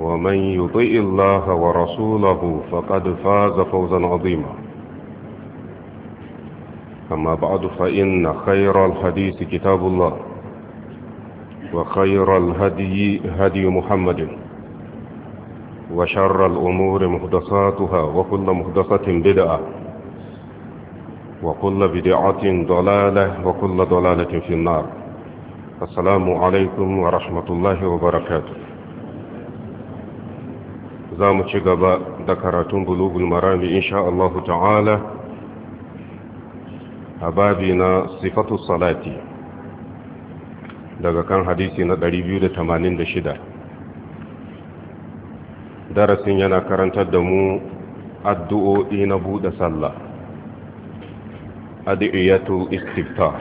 ومن يطيء الله ورسوله فقد فاز فوزا عظيما أما بعد فإن خير الحديث كتاب الله وخير الهدي هدي محمد وشر الأمور محدثاتها وكل محدثة بدعة وكل بدعة ضلالة وكل ضلالة في النار السلام عليكم ورحمة الله وبركاته za mu ci gaba da karatun bulugul marami insha Allah ta'ala a babi na sifatu salati daga kan hadisi na 286 darasin yana karantar da mu addu'o'i na buɗe sallah addu'iyatul istiftah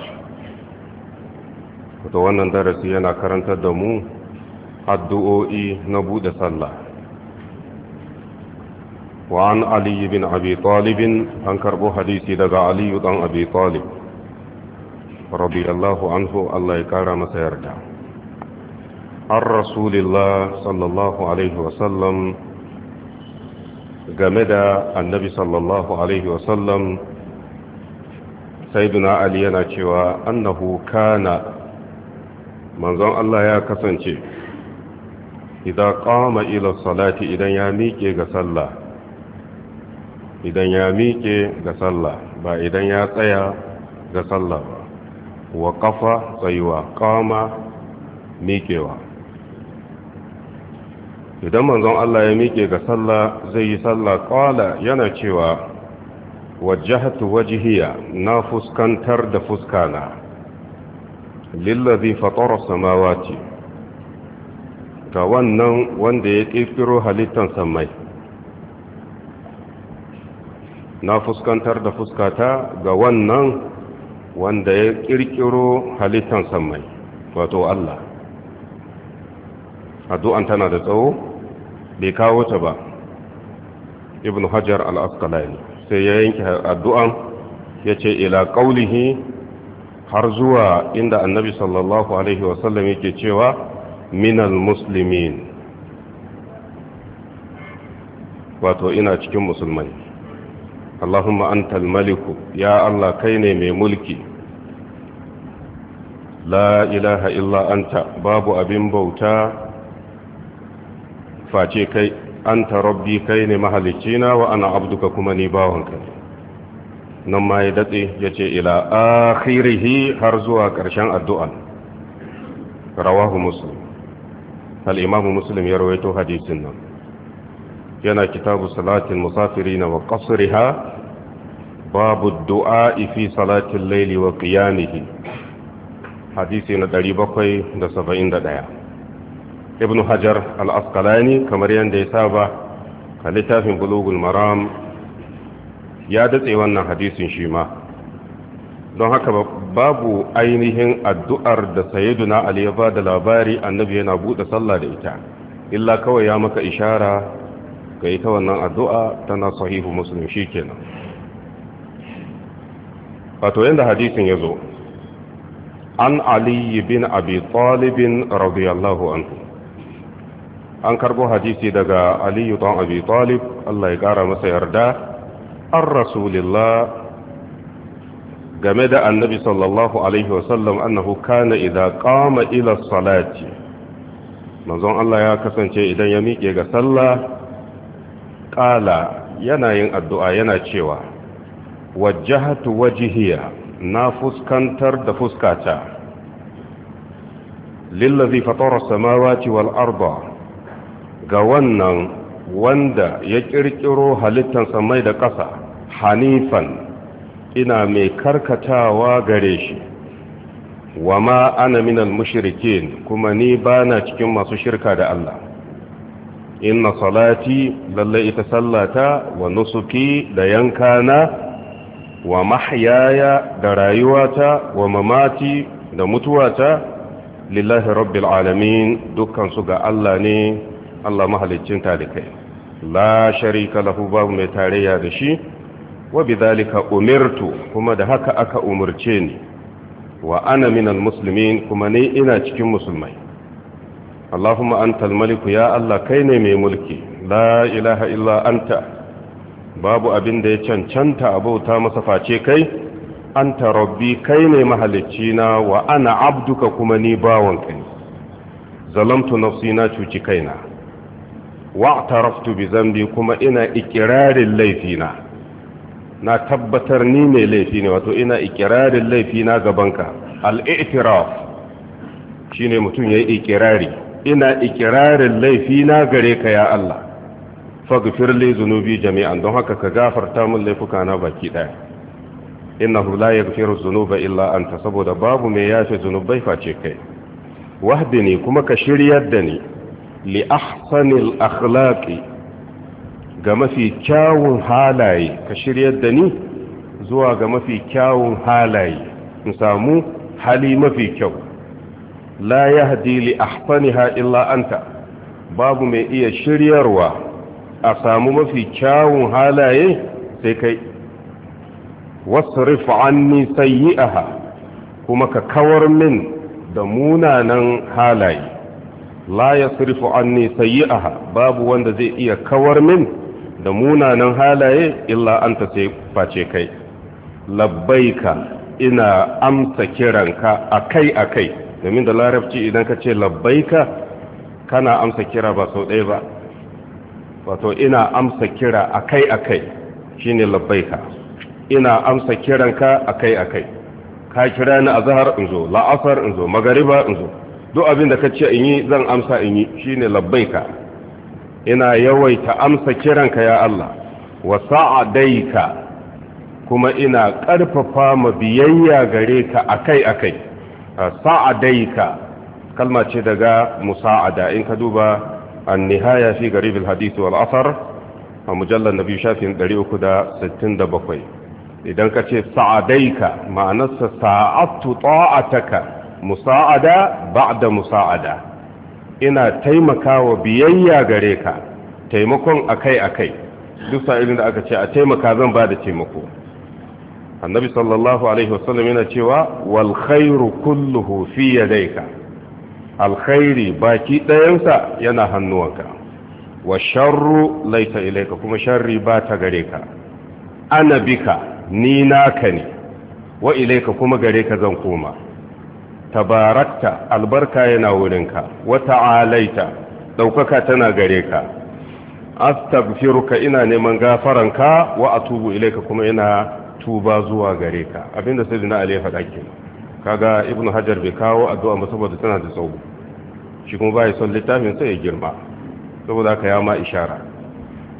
wato wannan darasi yana karantar da mu addu'o'i na buɗe sallah وعن علي بن أبي طالب أنكر حديثي دقى علي بن أبي طالب رضي الله عنه الله يكرم سيرجع عن رسول الله صلى الله عليه وسلم جمد النبي صلى الله عليه وسلم سيدنا علي نشوى أنه كان منظر الله يا كسنشي إذا قام إلى الصلاة إذا يميك يغسل الله idan ya miƙe ga sallah ba idan ya tsaya ga sallah ba wa ƙafa tsayuwa ƙama miƙewa idan manzon Allah ya miƙe ga sallah zai yi sallah ƙwala yana cewa wajahatu wajihiya na fuskantar da fuskana lillazi fatara samawati ga wannan wanda ya ƙirƙiro halittar samai na fuskantar da fuskata ga wannan wanda ya kirkiro halittar sammai wato Allah addu'an tana da tsawo bai kawo ta ba ibn hajar al-asqalani sai ya yanke addu'an ya ce ila ƙaunihi har zuwa inda annabi sallallahu alaihi wasallam yake cewa minal muslimin wato ina cikin musulmai Allahumma antal maliku ya Allah kai ne mai mulki la ilaha illa anta babu abin bauta face kai anta rabbi kai ne na? wa Abdu ka kuma ni bawanka nan ma datse ya ce ila akhirihi har zuwa ƙarshen addu'an rawahu muslim al'imamu muslim ya rawaito hadisin nan yana kitabu salatin musafirina wa qasriha babu du'a fi salatin laili wa qiyamihi hadisi na 771 ibnu hajar al-asqalani kamar yanda ya saba a littafin bulugul maram ya datse wannan hadisin shi ma don haka babu ainihin addu'ar da sayiduna ali ya ba da labari annabi yana buɗe sallah da ita illa kawai ya maka ishara ka yi ta wannan addu'a tana sahihu muslim shi kenan wato yadda hadisin ya zo an aliyu bin abi talibin radiyallahu anhu an karbo hadisi daga aliyu don abi talib allah ya kara masa yarda an rasulillah game da annabi sallallahu alaihi wasallam annahu kana idan kama ila salati manzon allah ya kasance idan ya miƙe ga sallah ƙala yana yin addu'a yana cewa wajahatu wajihiya na fuskantar da fuskata lillazi fatara samawati wal arda ga wannan wanda ya kirkiro halittar samai da ƙasa hanifan ina mai karkatawa gare shi wa ma ana minal mushrikin kuma ni bana cikin masu shirka da Allah inna salati lalle ita sallata wa nusuki da yankana wa mahyaya da rayuwata wa mamati da mutuwata lillahi rabbil alamin dukkan su ga Allah ne Allah mahalicin talikai la sharika lahu babu mai tarayya da shi wa bidhalika umirtu kuma da haka aka umurce ni wa ana minal muslimin kuma ni ina cikin musulmai Allahumma antal maliku ya Allah kai ne mai mulki la ilaha illa anta babu abin da ya cancanta abauta masa face kai anta rabbi kai ne mahalicci na wa ana ka kuma ni bawon kai zalamtu nafsi na cuci kaina wa taraftu bi zambi kuma ina ikirarin laifina na tabbatar ni mai laifi ne wato ina ikirarin na gabanka al-i'tiraf shine mutum yayi ikirari ina ikirarin laifi na gare ka ya Allah faghfir li dhunubi jami'an don haka ka gafarta min laifuka na baki daya innahu la yaghfiru dhunuba illa anta saboda babu mai yafe zunubai face kai wahdini kuma ka shiryar da ni li al akhlaqi ga mafi kyawun halaye ka shiryar da ni zuwa ga mafi kyawun halaye in samu hali mafi kyau la yahdi li ahsaniha illa anta babu mai iya shiryarwa a samu mafi kyawun halaye sai kai wasrif anni aha, kuma ka kawar min da munanan halaye la sai anni aha, babu wanda zai iya kawar min da munanan halaye illa anta sai face kai labbaika ina amsa kiranka akai akai domin da larabci idan ka ce labbaika kana amsa kira ba sau ɗaya ba wato ina amsa kira akai akai shine labbaika ina amsa kiranka akai akai ka kira ni a zahar in zo la'asar in zo magariba in zo duk abin da ka ce in yi zan amsa in yi shine labbaika ina yawaita amsa kiranka ya Allah wa sa'adaika kuma ina ƙarfafa ma biyayya gare ka akai akai sa'adaika kalma ce daga musa'ada in ka duba an-nihaya fi garib al-hadith wal athar a mujallal nabi shafin 367 idan ka ce sa'adaika ma'anarsa sa'atu ta'ataka musa'ada ba'da musa'ada ina taimakawa biyayya gare ka taimakon akai-akai duk sa'ilin da aka ce a taimaka zan ba da taimako annabi sallallahu alaihi wasallam yana cewa wal khairu kulluhu fi yadayka alkhairi baki ɗayansa yana hannuwanka wa sharru laita ilaika kuma sharri ba ta gare ka ana bika ni naka ne wa ilaika kuma gare ka zan koma tabarakta albarka yana wurinka wa ta'alaita ɗaukaka tana gare ka astaghfiruka ina neman gafaranka wa atubu ilaika kuma ina tuba zuwa gare ka abinda sai dina ali ya faɗa ke kaga ibn hajar bai kawo addu'a ba saboda tana da tsawo shi kuma bai son littafin sai ya girma saboda ka ya ma ishara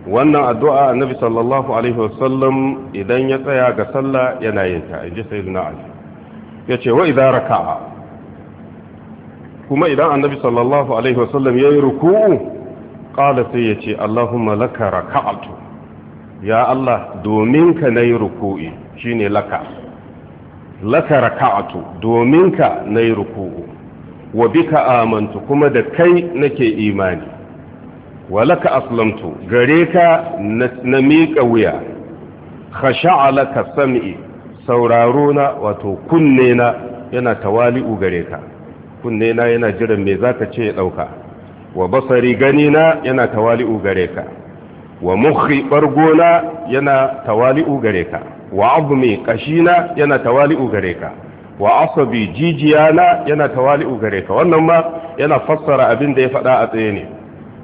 wannan addu'a annabi sallallahu alaihi wasallam idan ya tsaya ga sallah yana yin ta inji sayyidina ali yace wa idza raka'a kuma idan annabi sallallahu alaihi wasallam yayi ruku'u qala sai yace allahumma laka raka'atu ya Allah domin ka na yi ruku'i ne laka laka raka'atu domin ka na yi ruku'u wa bika amantu kuma da kai nake imani wa laka aslamtu gare ka na miƙa wuya khasha'a laka sam'i sauraro na wato kunne na yana tawali'u gare ka kunne na yana jiran me ka ce ya ɗauka? wa basari gani na yana tawali'u gare ka wa mukhi bargona yana tawali'u gare ka wa azmi kashina yana tawali'u gare ka wa asabi jijiyana yana tawali'u gare ka wannan ma yana fassara abin da ya faɗa a tsaye ne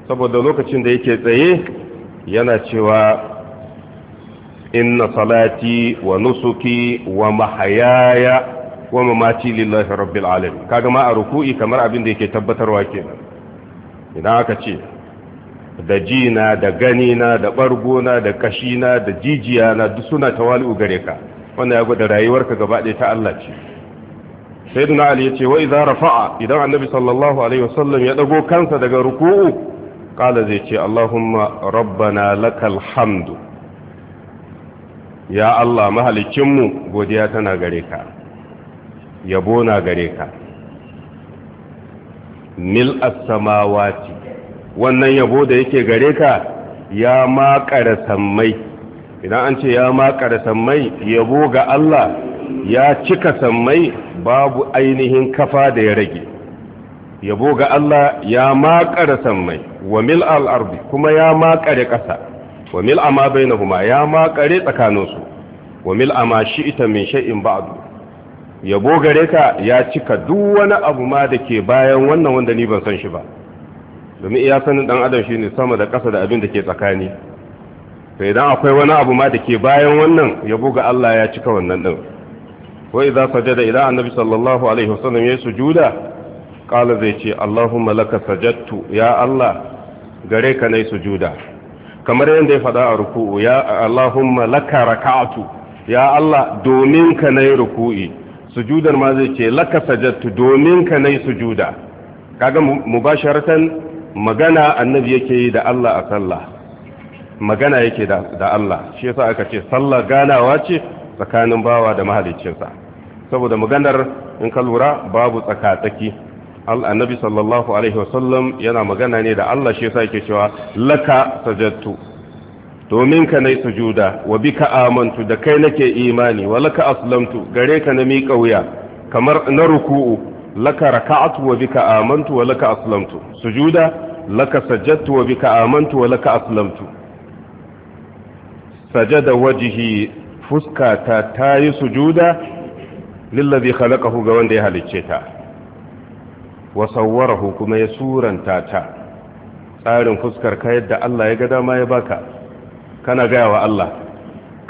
saboda lokacin da yake tsaye yana cewa inna salati wa nusuki wa mahayaya wa mamati lillahi rabbil alamin kaga ma a ruku'i kamar abin da yake tabbatarwa kenan idan aka ce da jina da gani na, da ɓargona da kashina da jijiyana duk suna tawali'u gare ka wannan ya gwada rayuwarka gaba ɗaya ta Allah ce sayyidina ali ce wa idza rafa'a idan annabi sallallahu alaihi wasallam ya dago kansa daga ruku'u kala zai ce allahumma rabbana lakal hamdu ya Allah mahalicinmu godiya tana gare ka yabo na gare ka mil as-samawati wannan yabo da yake gare ka ya makara sammai idan an ce ya makara sammai yabo ga Allah ya cika sammai babu ainihin kafa da ya rage yabo ga Allah ya makara sammai wa mil al-ardi kuma ya makare ƙasa wa mil ama bainahuma ya makare tsakaninsu wa mil ama shi'ita min shay'in ba'du yabo gare ka ya cika duk wani abu ma da ke bayan wannan wanda ni ban san shi ba domin iya sanin dan adam shine sama da ƙasa da abin da ke tsakani sai idan akwai wani abu ma da ke bayan wannan ya buga Allah ya cika wannan din wa idza sajada ila annabi sallallahu alaihi wasallam yayi sujuda qala zai ce allahumma laka sajadtu ya Allah gare ka nayi sujuda kamar yadda ya faɗa a ruku'u ya allahumma laka raka'atu ya Allah domin ka nayi ruku'i sujudar ma zai ce laka sajadtu domin ka nayi sujuda kaga mubasharatan magana annabi yake yi da Allah a sallah magana yake da Allah shi yasa aka ce sallah ganawa ce tsakanin bawa da mahaliccinsa saboda maganar in ka lura babu tsakatsaki annabi sallallahu alaihi wasallam yana magana ne da Allah shi yasa yake cewa laka sajattu domin ka nayi sujuda wa bika amantu da kai nake imani wa laka aslamtu gare ka na miƙa kauya kamar na ruku'u laka raka'atu wa bika amantu wa laka aslamtu sujuda laka sajadtu wa bika amantu wa laka aslamtu sajada wajhi fuskata tayi sujuda lillazi khalaqahu ga wanda ya halicce ta wa sawwarahu kuma ya suranta ta tsarin fuskar ka yadda Allah ya ga dama ya baka kana gaya wa Allah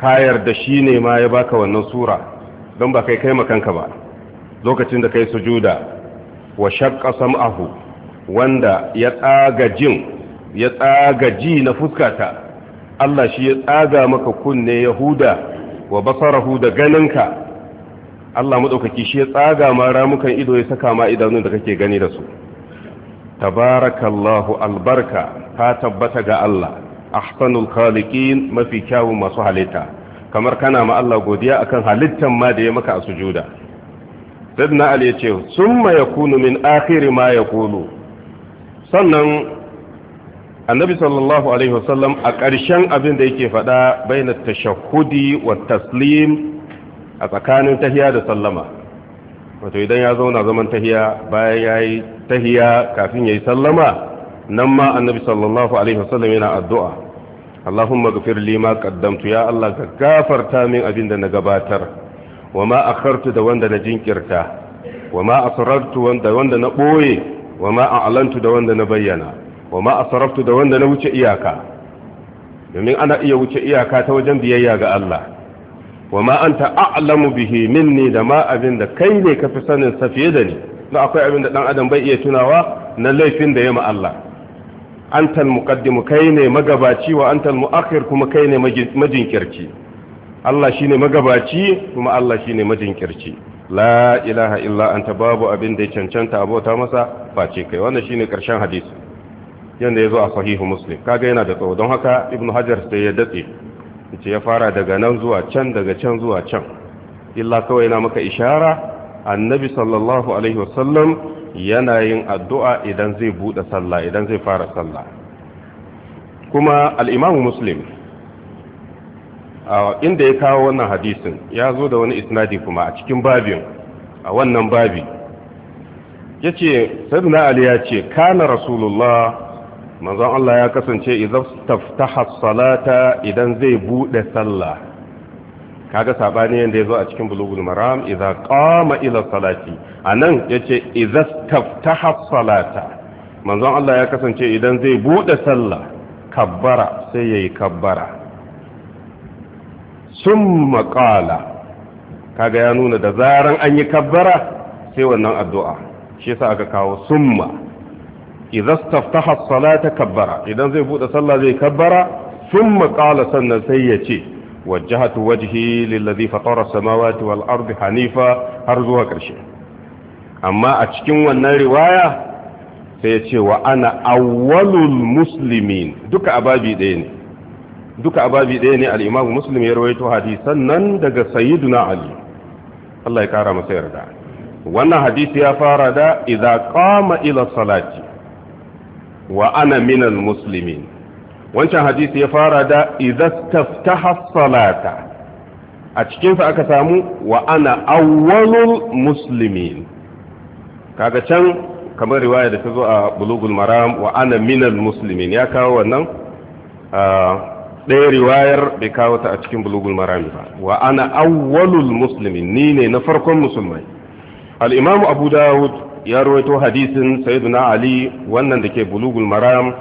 kayar da shine ma ya baka wannan sura don ba kai kai makanka ba lokacin da kai sujuda wa shaqqa sam'ahu wanda ya tsaga jin ya tsaga ji na fuskata Allah shi ya tsaga maka kunne yahuda wa basarahu da ganinka Allah madaukaki shi ya tsaga ma ramukan ido ya saka ma idanun da kake gani da su tabarakallahu albarka ta tabbata ga Allah ahsanul khaliqin mafi kyawun masu halitta kamar kana ma Allah godiya akan halittan ma da ya maka a sujuda sayyidina ali yace summa yakunu min akhir ma yaqulu sannan annabi sallallahu alaihi wasallam a ƙarshen abin da yake faɗa baina tashahhudi wa taslim a tsakanin tahiya da sallama wato idan ya zauna zaman tahiya bayan yayi tahiya kafin yayi sallama nan ma annabi sallallahu alaihi wasallam yana addu'a Allahumma ghfir li ma qaddamtu ya Allah ka gafarta min abin da na gabatar wa ma akhartu da wanda na jinkirta wa ma asrartu wanda wanda na boye wa ma a'lantu da wanda na bayyana wa ma asraftu da wanda na wuce iyaka domin ana iya wuce iyaka ta wajen biyayya ga Allah wa ma anta a'lamu bihi minni da ma abin da kai ne ka fi sanin sa fiye da ni da akwai abin da dan adam bai iya tunawa na laifin da ya ma Allah antal muqaddimu kai ne magabaci wa antal muakhir kuma kai ne majinkirci Allah shine magabaci kuma Allah shine majinkirci la ilaha illa anta babu abin da ya cancanta abota masa face kai wannan shine karshen hadisi ya zo a sahihu muslim kaga yana da tsawo don haka ibnu hajar sai ya datse yace ya fara daga nan zuwa can daga can zuwa can illa kawai yana maka ishara annabi sallallahu alaihi wasallam yana yin addu'a idan zai buɗe sallah idan zai fara sallah kuma al-imamu muslim inda ya kawo wannan hadisin ya zo da wani isnadi kuma a cikin babin a wannan babi ya ce saduna ali ya ce kana rasulullah manzon Allah ya kasance idan taftaha salata idan zai bude sallah kaga sabani yanda yazo a cikin bulugul maram idan qama ila salati anan yace idan taftaha salata manzon Allah ya kasance idan zai bude sallah kabbara sai yayi kabbara sun maƙala kaga ya nuna da zaran an yi kabbara sai wannan addu'a shi yasa aka kawo summa idan staftaha kabbara idan zai buɗe sallah zai kabbara summa ƙala sannan sai ya ce wajahatu wajhi lillazi fatara samawati wal ardi hanifa har zuwa ƙarshe amma a cikin wannan riwaya sai ya ce wa ana awwalul muslimin duka ababi ɗaya ne duka ababi ɗaya ne al'imamu muslim ya rawaito hadisan nan daga na ali Allah ya kara masa yarda wannan hadisi ya fara da idza qama ila salati wa ana minal muslimin wancan hadisi ya fara da idza taftaha salata a cikinsa aka samu wa ana awwalul muslimin kaga can kamar riwaya da ta zo a bulugul maram wa ana minal muslimin ya kawo wannan ah, ɗaya riwayar bai kawo ta a cikin bulugul marami ba wa ana awwalul muslimin ni ne na farkon musulmai al-imam abu dawud ya rawaito hadisin sayyiduna ali wannan da ke bulugul maram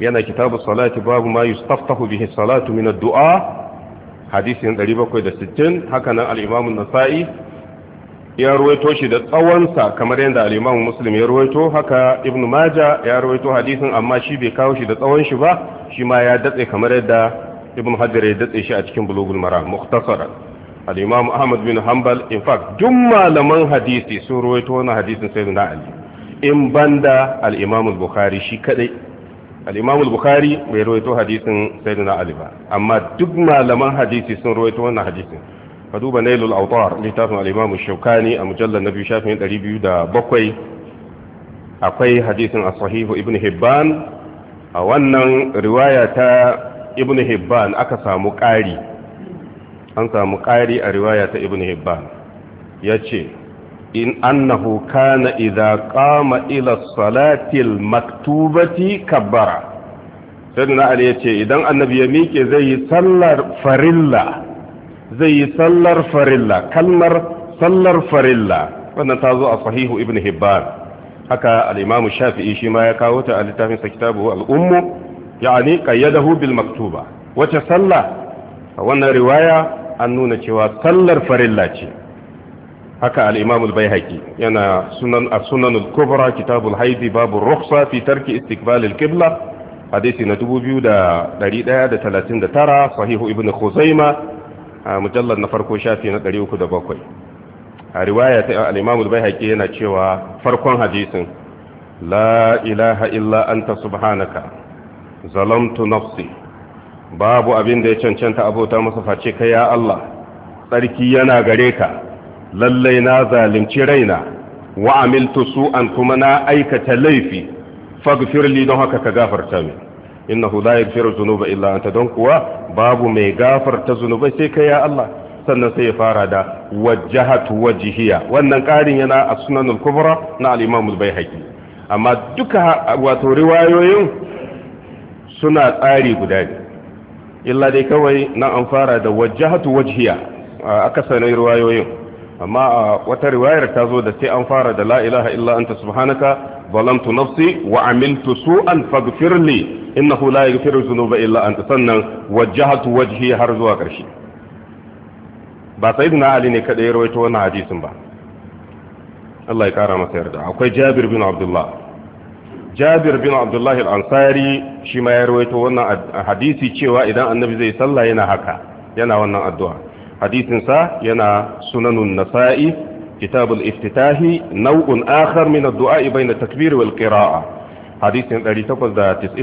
yana kitabu salati babu ma yustaftahu bihi salatu min ad-du'a hadisin 760 haka nan al-imam an-nasa'i ya ruwaito shi da tsawonsa kamar yadda al'imam muslim ya ruwaito haka ibn maja ya ruwaito hadisin amma shi bai kawo shi da tsawon shi ba shi ma ya datse kamar yadda ibn hajar ya datse shi a cikin bulugul maram mukhtasara al'imam ahmad bin hanbal in fact duk malaman hadisi sun ruwaito wannan hadisin sai na ali in banda al'imam bukhari shi kadai al'imam bukhari bai ruwaito hadisin sai na ali ba amma duk malaman hadisi sun ruwaito wannan hadisin ka duba nailul autar littafin al'imamu shaukani a mujallar na biyu shafin 207 akwai hadisin a sahihu ibn hibban a wannan riwaya ta ibn hibban aka samu ƙari an samu ƙari a riwaya ta ibn hibban ya ce in annahu kana idza qama ila salatil maktubati kabbara sayyidina ali yace idan annabi ya miƙe zai yi sallar farilla zai yi sallar farilla kalmar sallar farilla wannan ta zo a sahihu ibn hibban haka al-imamu shafi'i shi ma ya kawo ta a littafin sa kitabu al-ummu yani qayyadahu bil maktuba wace salla a wannan riwaya an nuna cewa sallar farilla ce haka al-imamu al-baihaqi yana sunan as-sunan al-kubra kitabul haidi babu rukhsa fi tarki istiqbal al-qibla hadisi na 2139 sahihu ibn khuzaimah a mujallar na farko shafi na 307 a riwaya ta al bai baihaqi yana cewa farkon hadisin la ilaha illa anta subhanaka zalamtu nafsi babu abin da ya cancanta abota masa face kai ya Allah tsarki yana gare ka lallai na zalunci raina wa amiltu su'an kuma na aikata laifi fagfirli don haka ka gafarta min innahu la yaghfiru dhunuba illa anta don kuwa babu mai gafarta zunubai sai kai ya Allah sannan sai ya fara da wajjahatu wajhiya wannan karin yana a sunanul kubra na al-imam al-baihaqi amma duka wato riwayoyin suna tsari guda ne illa dai kawai na an fara da wajjahatu wajhiya akasarin riwayoyin amma wata riwayar ta zo da sai an fara da la ilaha illa anta subhanaka zalamtu nafsi wa amiltu su'an faghfirli innahu la yaghfiru dhunuba illa anta sannan wajjahatu wajhi har zuwa karshe ba sayyidina ali ne kada ya rawaito wannan hadisin ba Allah ya kara masa yarda akwai Jabir bin Abdullah Jabir bin Abdullah al-Ansari shi ma ya rawaito wannan hadisi cewa idan annabi zai sallah yana haka yana wannan addu'a hadisin sa yana sunanun nasa'i kitab al-iftitahi naw'un akhar min ad-du'a bayna takbir wal qira'a hadisin 896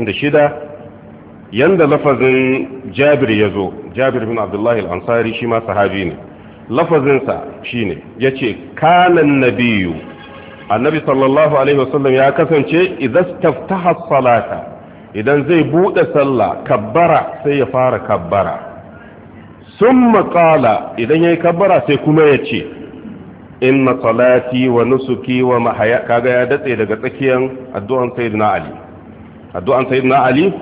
yanda lafazin Jabir yazo Jabir bin Abdullah al-Ansari shi sahabi ne lafazin sa shine yace kana an-nabiyyu annabi sallallahu alaihi wasallam ya kasance idastaftaha as-salata idan zai buɗe sallah kabbara sai ya fara kabbara Sun matsala idan yayi kabbara sai kuma yace inna salati wa nusuki wa mahaya kaga ya datse daga tsakiyar addu'an sayyidina ali addu'an ali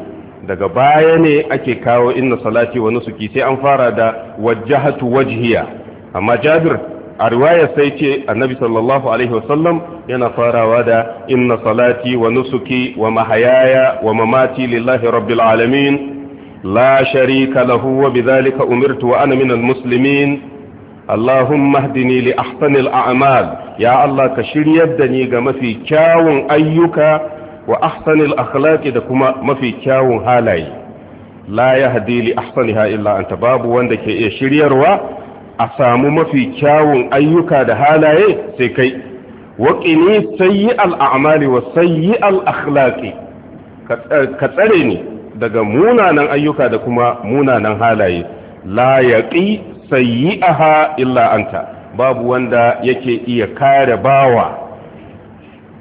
daga baya ne ake kawo inna salati wa nusuki sai an fara da wajahatu wajihiya amma jabir a riwayar sai ce annabi sallallahu alaihi wasallam yana farawa da inna salati wa nusuki wa mahayaya wa mamati lillahi rabbil alamin la sharika lahu wa zalika umirtu wa ana minal muslimin Allahumma hdini li ahsanil a'mal ya Allah ka shiryar dani ga mafi kyawun ayyuka wa ahsanil akhlaqi da kuma mafi kyawun halaye la yahdi li ahsaniha illa anta babu wanda ke iya shiryarwa a samu mafi kyawun ayyuka da halaye sai kai wa qini sayyi al a'mal wa sayyi al akhlaqi ka tsare ni daga munanan ayyuka da kuma munanan halaye la yaqi sayyi'aha illa anta babu wanda yake iya kare bawa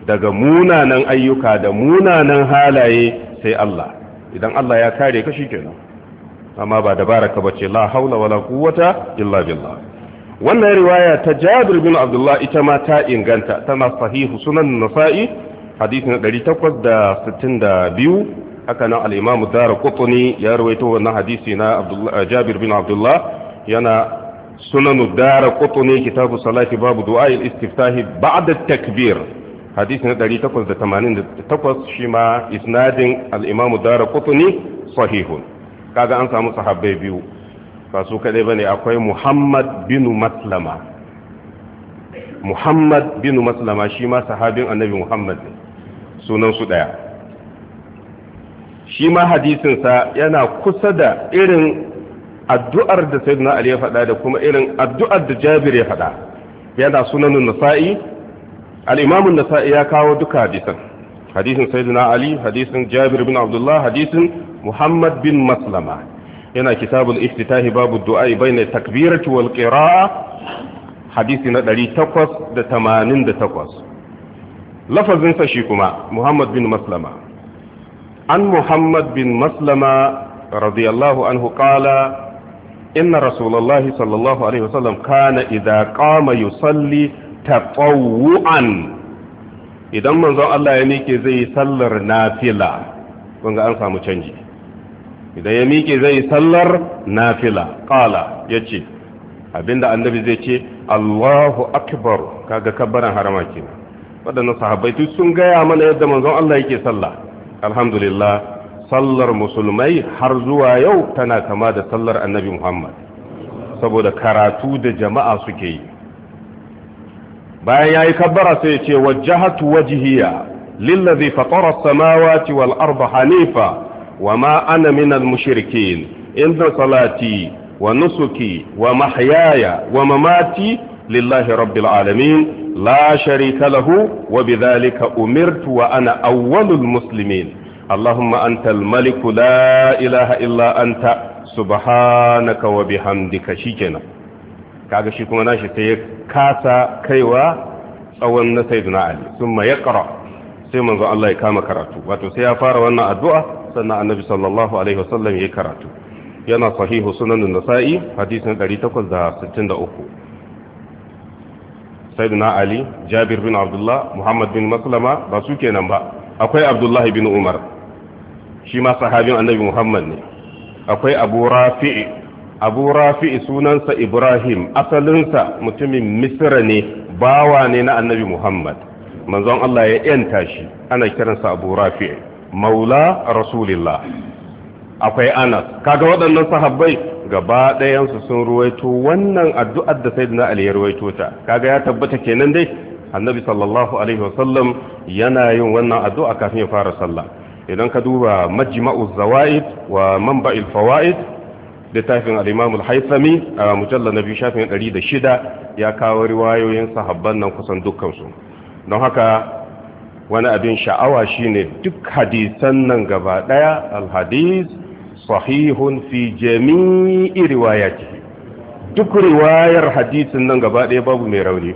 daga munanan ayyuka da munanan halaye sai Allah idan Allah ya kare ka shikenan amma ba dabaraka bace la haula wala quwwata illa billah wannan riwaya ta Jabir bin Abdullah ita ma ta inganta tana sahihu sunan Nasa'i hadisi na 862 haka nan al-Imam Darqutni ya rawaito wannan hadisi na Jabir bin Abdullah yana sunanu dara ne kitabu salati babu du'a al-istiftahi ba'da takbir hadisi na 1888 shi ma isnadin al-imam dara ne sahihun kaga an samu sahabbai biyu ba su kadai bane akwai muhammad bin maslama muhammad bin maslama shi ma sahabin annabi muhammad ne sunan su daya shi ma hadisinsa yana kusa da irin addu'ar da sayyidina ali ya faɗa da kuma irin addu'ar da jabir ya faɗa yana sunanin nasa'i al nasai ya kawo duka hadisan hadisin sayyidina ali hadisin jabir bin abdullah hadisin muhammad bin maslama yana kitabul iftitahi babu du'a bayna takbirati wal qira'a hadisi na 888 lafazin sa shi kuma muhammad bin maslama an muhammad bin maslama radiyallahu anhu qala inna rasulullahi sallallahu alaihi wasallam kana idza salli yusalli tatawuan idan manzon Allah ya miƙe zai yi sallar nafila kun an samu canji idan ya miƙe zai yi sallar nafila qala yace abinda annabi zai ce Allahu akbar kaga kabbaran harama kenan wadannan sahabbai duk sun gaya mana yadda manzon Allah yake sallah alhamdulillah sallar musulmai har zuwa yau tana kama da sallar annabi muhammad saboda karatu da jama'a suke yi bayan ya yi kabbara sai ya ce wajahatu wajihiya lillazi fatara samawati wal arba hanifa wa ma ana minal mushrikin inda salati wa nusuki wa mahyaya wa mamati lillahi rabbil alamin la sharika lahu wa bidhalika umirtu wa ana awwalul muslimin Allahumma antal maliku la ilaha illa anta subhanaka wa bihamdika shikenan kaga shi kuma nashi sai kasa kaiwa tsawon na sayyidina Ali thumma yaqra sai manzo Allah ya kama karatu wato sai ya fara wannan addu'a sannan annabi sallallahu alaihi wasallam ya karatu yana sahihu sunan an-nasa'i hadisin 863 sayyidina ali jabir bin abdullah muhammad bin maslama ba su kenan ba akwai abdullahi bin umar shi ma sahabin annabi Muhammad ne akwai Abu rafi'i. Abu rafi'i sunansa Ibrahim asalinsa mutumin Misira ne bawa ne na annabi Muhammad manzon Allah ya yanta shi ana kiransa Abu rafi'i. maula Rasulillah akwai Anas kaga waɗannan sahabbai gaba ɗayansu sun ruwaito wannan addu'ar da Sayyidina Ali ya ruwaito ta kaga ya tabbata kenan dai annabi sallallahu alaihi wasallam yana yin wannan addu'a kafin ya fara sallah idan ka duba majma'u zawaid wa manba'il fawaid littafin al-imam al-haythami a mujallal nabi shafin 106 ya kawo riwayoyin sahabban nan kusan dukkan su don haka wani abin sha'awa shine duk hadisan nan gaba daya al hadith sahihun fi jami'i riwayati duk riwayar hadisin nan gaba ɗaya babu mai rauni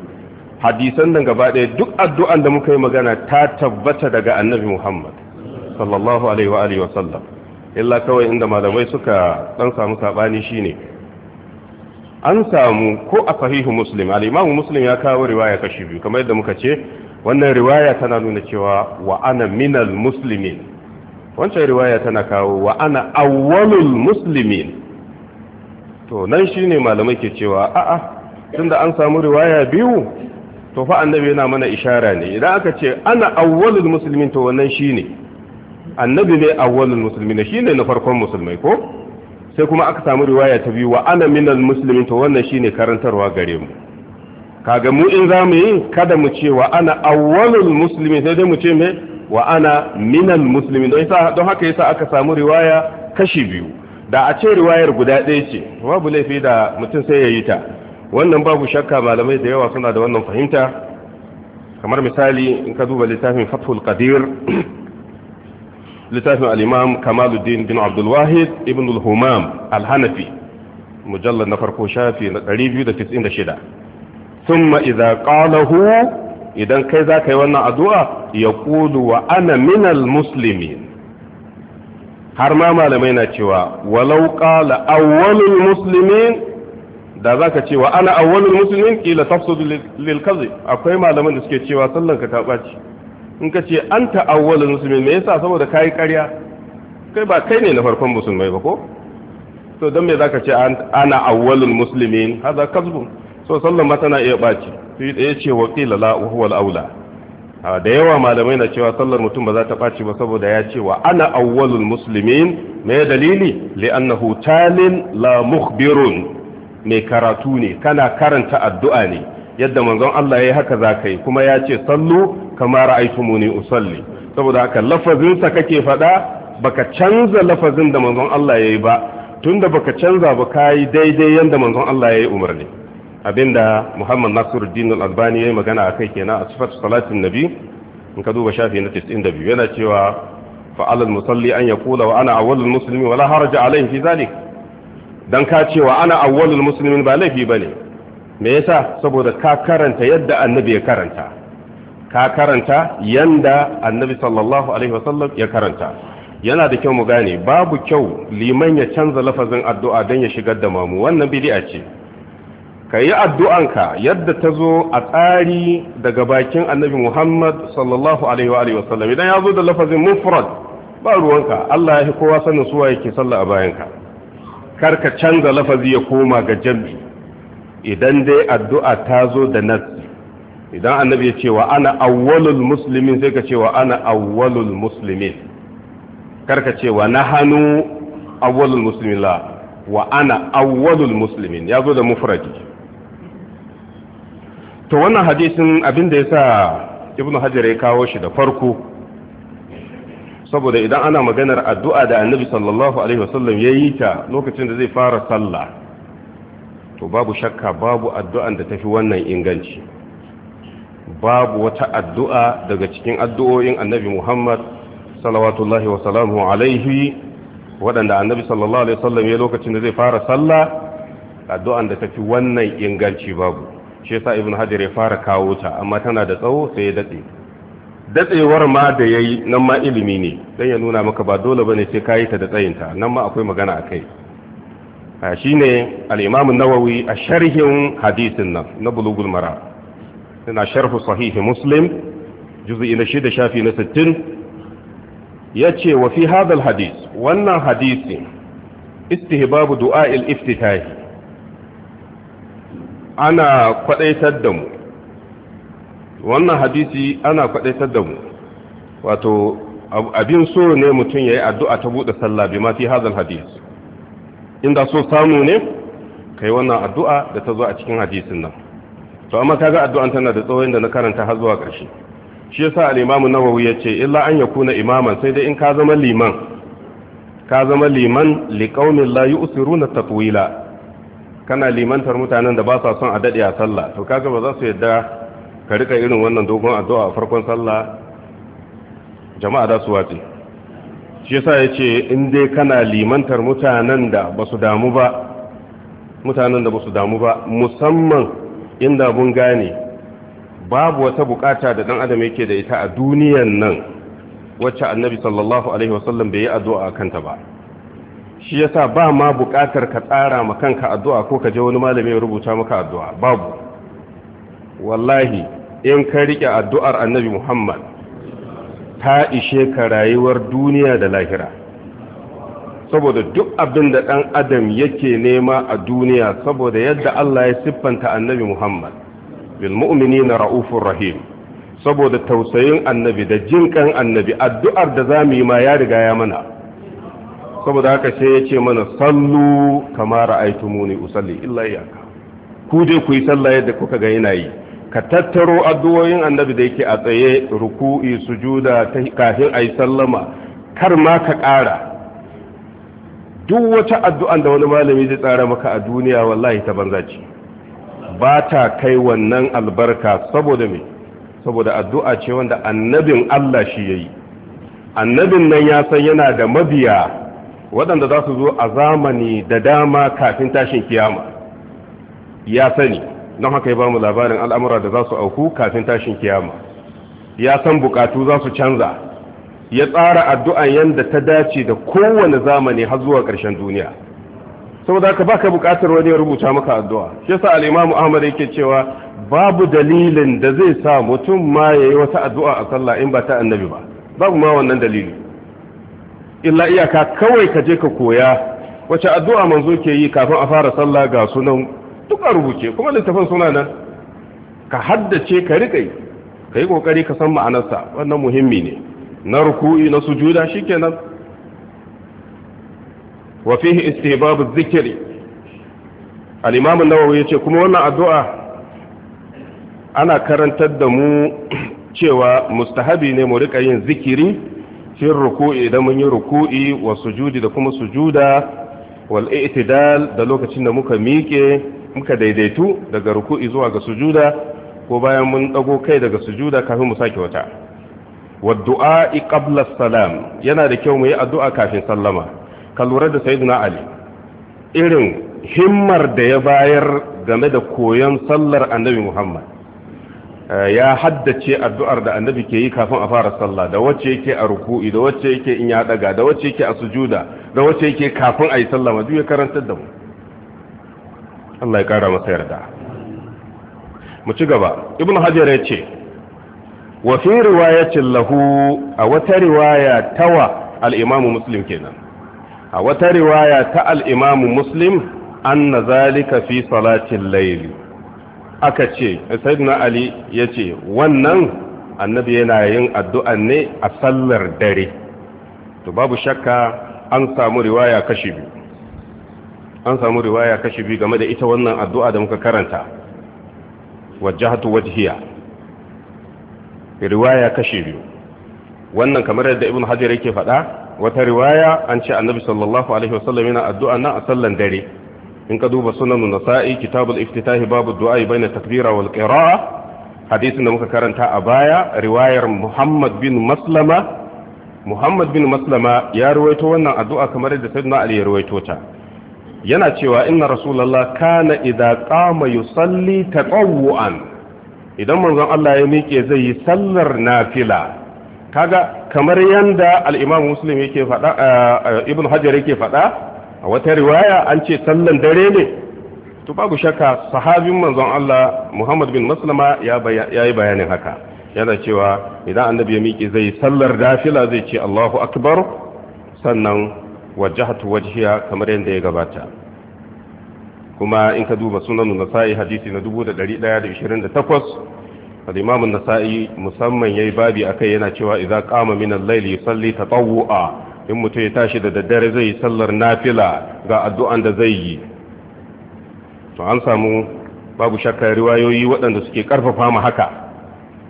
hadisan nan gaba ɗaya duk addu'an da muka yi magana ta tabbata daga annabi muhammad sallallahu alaihi wa alihi wasallam illa kawai inda malamai suka dan samu sabani shine an samu ko a sahihu muslim al imam muslim ya kawo riwaya kashi biyu kamar yadda muka ce wannan riwaya tana nuna cewa wa ana minal muslimin wancan riwaya tana kawo wa ana awwalul muslimin to nan shine malamai ke cewa a'a tunda an samu riwaya biyu to fa annabi yana mana ishara ne idan aka ce ana awwalul muslimin to wannan shine annabi ne awwalul muslimin shine na farkon musulmai ko sai kuma aka samu riwaya ta biyu wa ana minal muslimin to wannan shine karantarwa gare mu kaga mu in zamu yi kada mu ce wa ana awwalul muslimin sai dai mu ce me wa ana minal muslimin don yasa don haka yasa aka samu riwaya kashi biyu da a ce riwayar guda ɗaya ce babu laifi da mutum sai ya yi ta wannan babu shakka malamai da yawa suna da wannan fahimta kamar misali in ka duba littafin fathul qadir littafin al'imam kamaluddin bin abdulwahid ibn al-humam al-hanafi mujallar na farko shafi na 296 sun ma'iza ƙalahu idan kai za ka yi wannan addu'a ya ƙudu wa ana minal muslimin har ma malamai na cewa walau ƙala awwalul muslimin da za ka cewa ana awwalul muslimin ƙila tafsu lil akwai malaman da suke cewa ka ta ɓaci in ka ce an ta'awwala musulmi me yasa saboda kai ƙarya kai ba kai ne na farkon musulmai ba ko to don me zaka ce ana awwalul muslimin haza kasbun so sallama tana iya baci sai da yace wa qila la huwa aula da yawa malamai na cewa sallar mutum ba za ta ɓaci ba saboda ya cewa ana awwalul muslimin me dalili li'annahu talin la mukhbirun mai karatu ne kana karanta addu'a ne yadda manzon Allah ya yi haka zakai kuma ya ce sallu kama ra'aytumuni usalli saboda haka lafazin sa kake fada baka canza lafazin da manzon Allah yayi ba tunda baka canza ba kai daidai yanda manzon Allah yayi umarni abinda Muhammad Nasiruddin Al-Albani yayi magana akai kenan a sifat salatin nabi in ka duba shafi na 92 yana cewa fa'al al-musalli an yaqula wa ana awwalul muslimin wala haraja alayhi fi zalik dan ka cewa ana awwalul muslimin ba laifi bane me yasa saboda ka karanta yadda annabi ya karanta ka karanta yanda annabi sallallahu alaihi wasallam ya karanta yana da kyau mu gane babu kyau liman ya canza lafazin addu'a don ya shigar da mamu wannan bid'a ce ka yi addu'anka yadda ta zo a tsari daga bakin annabi muhammad sallallahu alaihi wa wasallam idan ya zo da lafazin mufrad ba ruwanka allah ya fi kowa sanin suwa yake sallah a bayanka kar ka canza lafazi ya koma ga jam'i idan dai addu'a ta zo da nasi. idan annabi ya ce wa ana awwalul muslimin sai ka ce wa ana awwalul muslimin karka ce wa nahanu awwalul muslimin la wa ana awwalul muslimin ya zo da mufradi to wannan hadisin abinda ya sa ibn hajar ya kawo shi da farko saboda idan ana maganar addu'a da annabi sallallahu alaihi wasallam ya yi ta lokacin da zai fara sallah to babu shakka babu addu'an da tafi wannan inganci babu wata addu'a daga cikin addu'o'in annabi Muhammad salawatullahi wa salamu alaihi waɗanda annabi sallallahu alaihi wasallam ya lokacin da zai fara sallah addu'an da tafi wannan inganci babu shi sa ibn hajar ya fara kawo ta amma tana da tsawo sai ya datse datsewar ma da ya yi nan ma ilimi ne dan ya nuna maka ba dole ne sai ka yi ta da tsayinta nan ma akwai magana a kai shi ne al'imamun nawawi a sharhin hadisin nan na bulugul mara na sharhu sahihi muslim juz'i na shida shafi na sittin ya ce wa fi hadal hadis wannan hadisi istihbabu du'a'il iftitahi ana kwadaitar da mu wannan hadisi ana kwadaitar da mu wato abin so ne mutum ya yi addu'a ta buɗe sallah bi ma fi hadal hadis inda so samu ne kai wannan addu'a da ta zo a cikin hadisin nan to amma ga addu'an tana da tsohon da na karanta har zuwa ƙarshe shi yasa al-Imam nawawi ya ce illa an yakuna imaman sai dai in ka zama liman ka zama liman liqaumin la yu'siruna tatwila kana limantar mutanen da ba sa son a dade a sallah to kaga ba za su yadda ka rika irin wannan dogon addu'a a farkon sallah jama'a da su wace shi yasa ce in dai kana limantar mutanen da ba su damu ba mutanen da ba su damu ba musamman inda mun gane babu wata bukata da dan adam yake da ita a duniyan nan wacce annabi sallallahu alaihi wasallam bai yi addu'a kanta ba shi yasa ba ma bukatar ka tsara ma kanka addu'a ko ka je wani malami ya rubuta maka addu'a babu wallahi in ka rike addu'ar annabi muhammad ta ishe ka rayuwar duniya da lahira saboda duk abin da ɗan adam yake nema a duniya saboda yadda Allah ya siffanta annabi Muhammad bil na ra'ufur rahim saboda tausayin annabi da jinkan annabi addu'ar da zamu yi ma ya riga ya mana saboda haka sai ya ce mana sallu kama ra'aytumuni usalli illa iyyaka ku dai ku yi sallah yadda kuka ga yana yi ka tattaro addu'o'in annabi da yake a tsaye ruku'i sujuda kafin ayi sallama kar ma ka ƙara duk wata addu'an da wani malami zai tsara maka a duniya wallahi ta banza ce ba ta kai wannan albarka saboda me saboda addu'a ce wanda annabin Allah shi ya yi. annabin nan ya san yana da mabiya waɗanda za su zo a zamani da dama kafin tashin kiyama ya sani don haka ya ba mu labarin al'amura da za su auku kafin tashin kiyama ya san bukatu za su canza ya tsara addu'a yadda ta dace da kowane zamani har zuwa ƙarshen duniya saboda ka baka buƙatar wani ya rubuta maka addu'a shi yasa al’imamu Ahmad yake cewa babu dalilin da zai sa mutum ma ya yi wata addu'a a sallah in ba ta annabi ba babu ma wannan dalili illa iyaka kawai ka je ka koya wace addu'a manzo ke yi kafin a fara sallah ga sunan duk a rubuce kuma littafin suna nan ka haddace ka riƙa yi ka yi ƙoƙari ka san ma'anarsa wannan muhimmi ne na ruku'i na sujuda shikenan wa fihi az dhikri al-imam an-nawawi yace kuma wannan addu'a ana karantar da mu cewa mustahabi ne mu rika yin zikiri fin ruku'i idan mun yi ruku'i wa sujudi da kuma sujuda wal i'tidal da lokacin da muka miƙe muka daidaitu daga ruku'i zuwa ga sujuda ko bayan mun dago kai daga sujuda kafin mu sake wata wadda'a qabla salam yana da kyau mu yi addu'a kafin sallama ka lura da sayyidina ali irin himmar da ya bayar game da koyon sallar annabi muhammad eh, ya haddace addu'ar da annabi ke yi kafin a fara salla da wacce yake a ruku'i da wacce yake in ya daga da wacce yake a sujuda da wacce yake kafin a yi sallama duk ya karantar da mu Allah ya kara masa yarda mu ci gaba ibnu hajar ya ce wa fi riwayatin lahu a wata riwaya tawa al'imamu muslim kenan a wata riwaya ta al'imamu muslim an zalika fi salatin laili aka ce sayyidina ali ya ce wannan annabi yana yin addu'a ne a sallar dare to babu shakka an samu riwaya kashi biyu an samu riwaya kashi biyu game da ita wannan addu'a da muka karanta wajahatu wajhiya riwaya kashe biyu wannan kamar yadda ibn hajar yake faɗa wata riwaya an ce annabi sallallahu alaihi wasallam yana addu'a nan a sallan dare in ka duba sunan nasa'i kitabul iftitahi babu du'a baina takbira wal qira'a hadisin da muka karanta a baya riwayar muhammad bin maslama muhammad bin maslama ya ruwaito wannan addu'a kamar yadda sayyidina ali ya ruwaito ta yana cewa inna rasulullah kana idza qama yusalli tatawwuan idan manzon Allah ya miƙe zai yi sallar nafila kaga kamar yanda al-Imam Muslim yake faɗa Ibn Hajar yake faɗa a wata riwaya an ce sallan dare ne to babu shakka sahabin manzon Allah Muhammad bin Maslama ya yi bayanin haka yana cewa idan annabi ya miƙe zai yi sallar nafila zai ce Allahu akbar sannan wajhatu wajhiya kamar yanda ya gabata kuma in ka duba sunan nasa'i hadisi na 1128 al-imam nasai musamman yayi babi akai yana cewa idza qama min al-layl yusalli tatawwa in mutum ya tashi da daddare zai sallar nafila ga addu'an da zai yi to an samu babu shakka riwayoyi waɗanda suke karfafa mu haka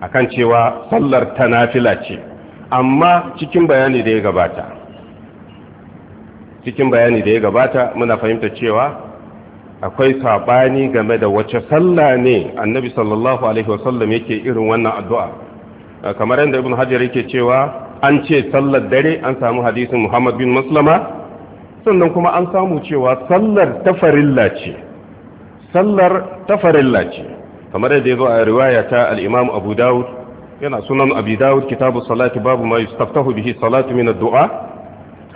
akan cewa sallar ta nafila ce amma cikin bayani da ya gabata cikin bayani da ya gabata muna fahimta cewa akwai sabani game da wace sallah ne annabi sallallahu alaihi wasallam yake irin wannan addu'a kamar yadda ibn hajar yake cewa an ce sallar dare an samu hadisin muhammad bin maslama sannan kuma an samu cewa sallar tafarilla ce sallar tafarilla ce kamar yadda ya zo a riwaya ta al'imam abu dawud yana sunan abu dawud kitabu salati babu ma yustaftahu bihi salatu min addu'a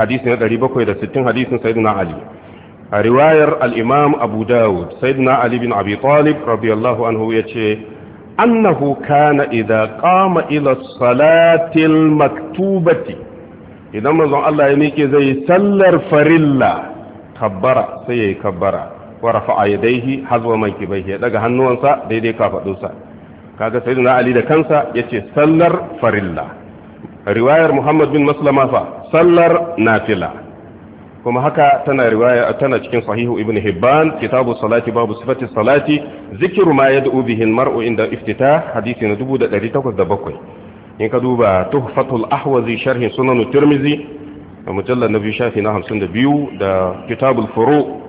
hadisi na 760 hadisin sayyidina ali a riwayar al'imam abu dawud sayyidina ali bin abi talib radiyallahu anhu ya ce annahu kana idan kama ila salatil maktubati idan manzon Allah ya miƙe zai sallar farilla kabbara sai yayi kabbara wa rafa'a yadayhi hazwa mankibaihi ya daga hannuwansa daidai kafadunsa kaga na ali da kansa yace sallar farilla riwayar muhammad bin maslama fa sallar nafila kuma haka tana riwaya tana cikin sahihu ibn hibban kitabu salati babu sifati salati zikru ma yad'u bihi al-mar'u inda iftita hadisi na 1807 in ka duba tuhfatul ahwazi sharhi sunan tirmizi da mujallar na biyu shafi na 52 da kitabul furu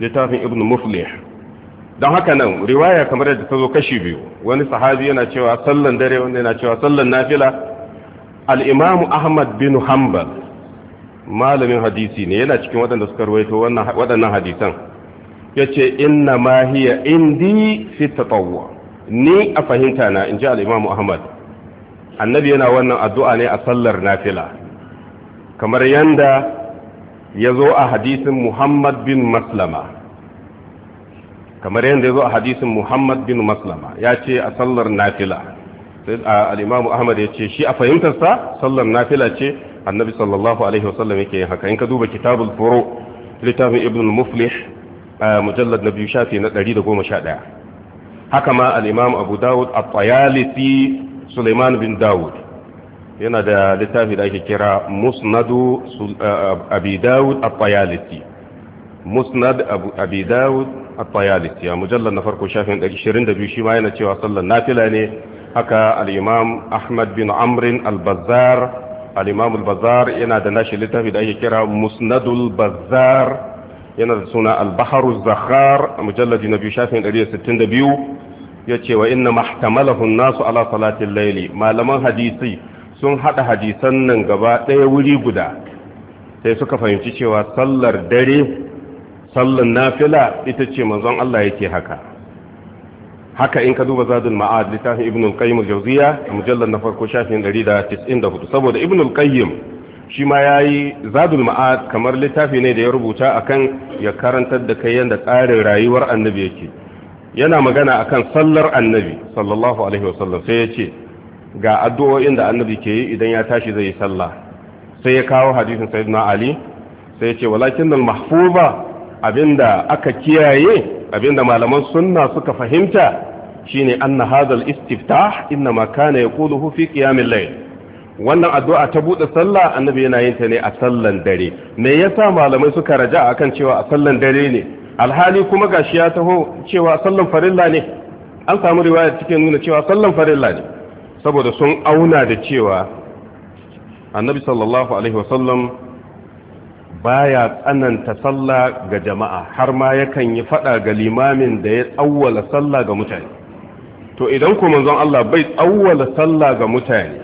littafin ibn muflih don haka nan riwaya kamar yadda ta zo kashi biyu wani sahabi yana cewa sallan dare wanda yana cewa sallan nafila al-imamu ahmad bin hanbal malamin hadisi ne yana cikin waɗanda suka rawaito waɗannan hadisan ya ce inna ma hiya indi fi tatawwa ni a fahimta na in ji al'imamu ahmad annabi yana wannan addu'a ne a sallar nafila kamar yadda ya zo a hadisin muhammad bin maslama kamar yadda ya zo a hadisin muhammad bin maslama ya ce a sallar nafila al'imamu ahmad ya ce shi a fahimtarsa sallar nafila ce annabi sallallahu alaihi wasallam yake yin haka in ka duba kitabul furu littafin ibn al muflih mujallad na biyu shafi na 111 haka ma al-imam abu dawud at-tayalisi suleiman bin dawud yana da littafi da ake kira musnadu abi dawud at-tayalisi musnad abi dawud at-tayalisi a mujallad na farko shafin 22 shi ma yana cewa sallan nafila ne haka al-imam ahmad bin amr al-bazzar al-imam al yana da nashi littafi da ake kira musnadul bazzar yana da suna al-bahr a mujallaji na biyu shafin 162 yace wa inna mahtamalahu an-nasu ala salatin layli malaman hadisi sun hada hadisan nan gaba ɗaya wuri guda sai suka fahimci cewa sallar dare sallar nafila ita ce manzon Allah yake haka haka in ka duba zadul ma'ad littafin ibn al-qayyim al-jawziya mujallar na farko shafin 194 saboda ibn al-qayyim shi ma yayi zadul ma'ad kamar littafi ne da ya rubuta akan ya karantar da kai yadda tsarin rayuwar annabi yake yana magana akan sallar annabi sallallahu alaihi sallam sai ya ce ga addu'o'in da annabi ke yi idan ya tashi zai yi sallah sai ya kawo hadisin sayyidina ali sai ya ce walakin al-mahfuba abinda aka kiyaye abinda malaman sunna suka fahimta shine anna hadhal istiftah inna ma kana yaquluhu fi qiyamil layl wannan addu'a ta bude sallah annabi yana yin ta ne a sallan dare me yasa malamai suka raja akan cewa a sallan dare ne alhali kuma gashi ya taho cewa sallan farilla ne an samu riwaya cikin nuna cewa sallan farilla ne saboda sun auna da cewa annabi sallallahu alaihi sallam. baya tsananta sallah ga jama'a har ma yakan yi fada ga limamin da ya tsawwala sallah ga mutane to idan ku manzon Allah bai tsawwala sallah ga mutane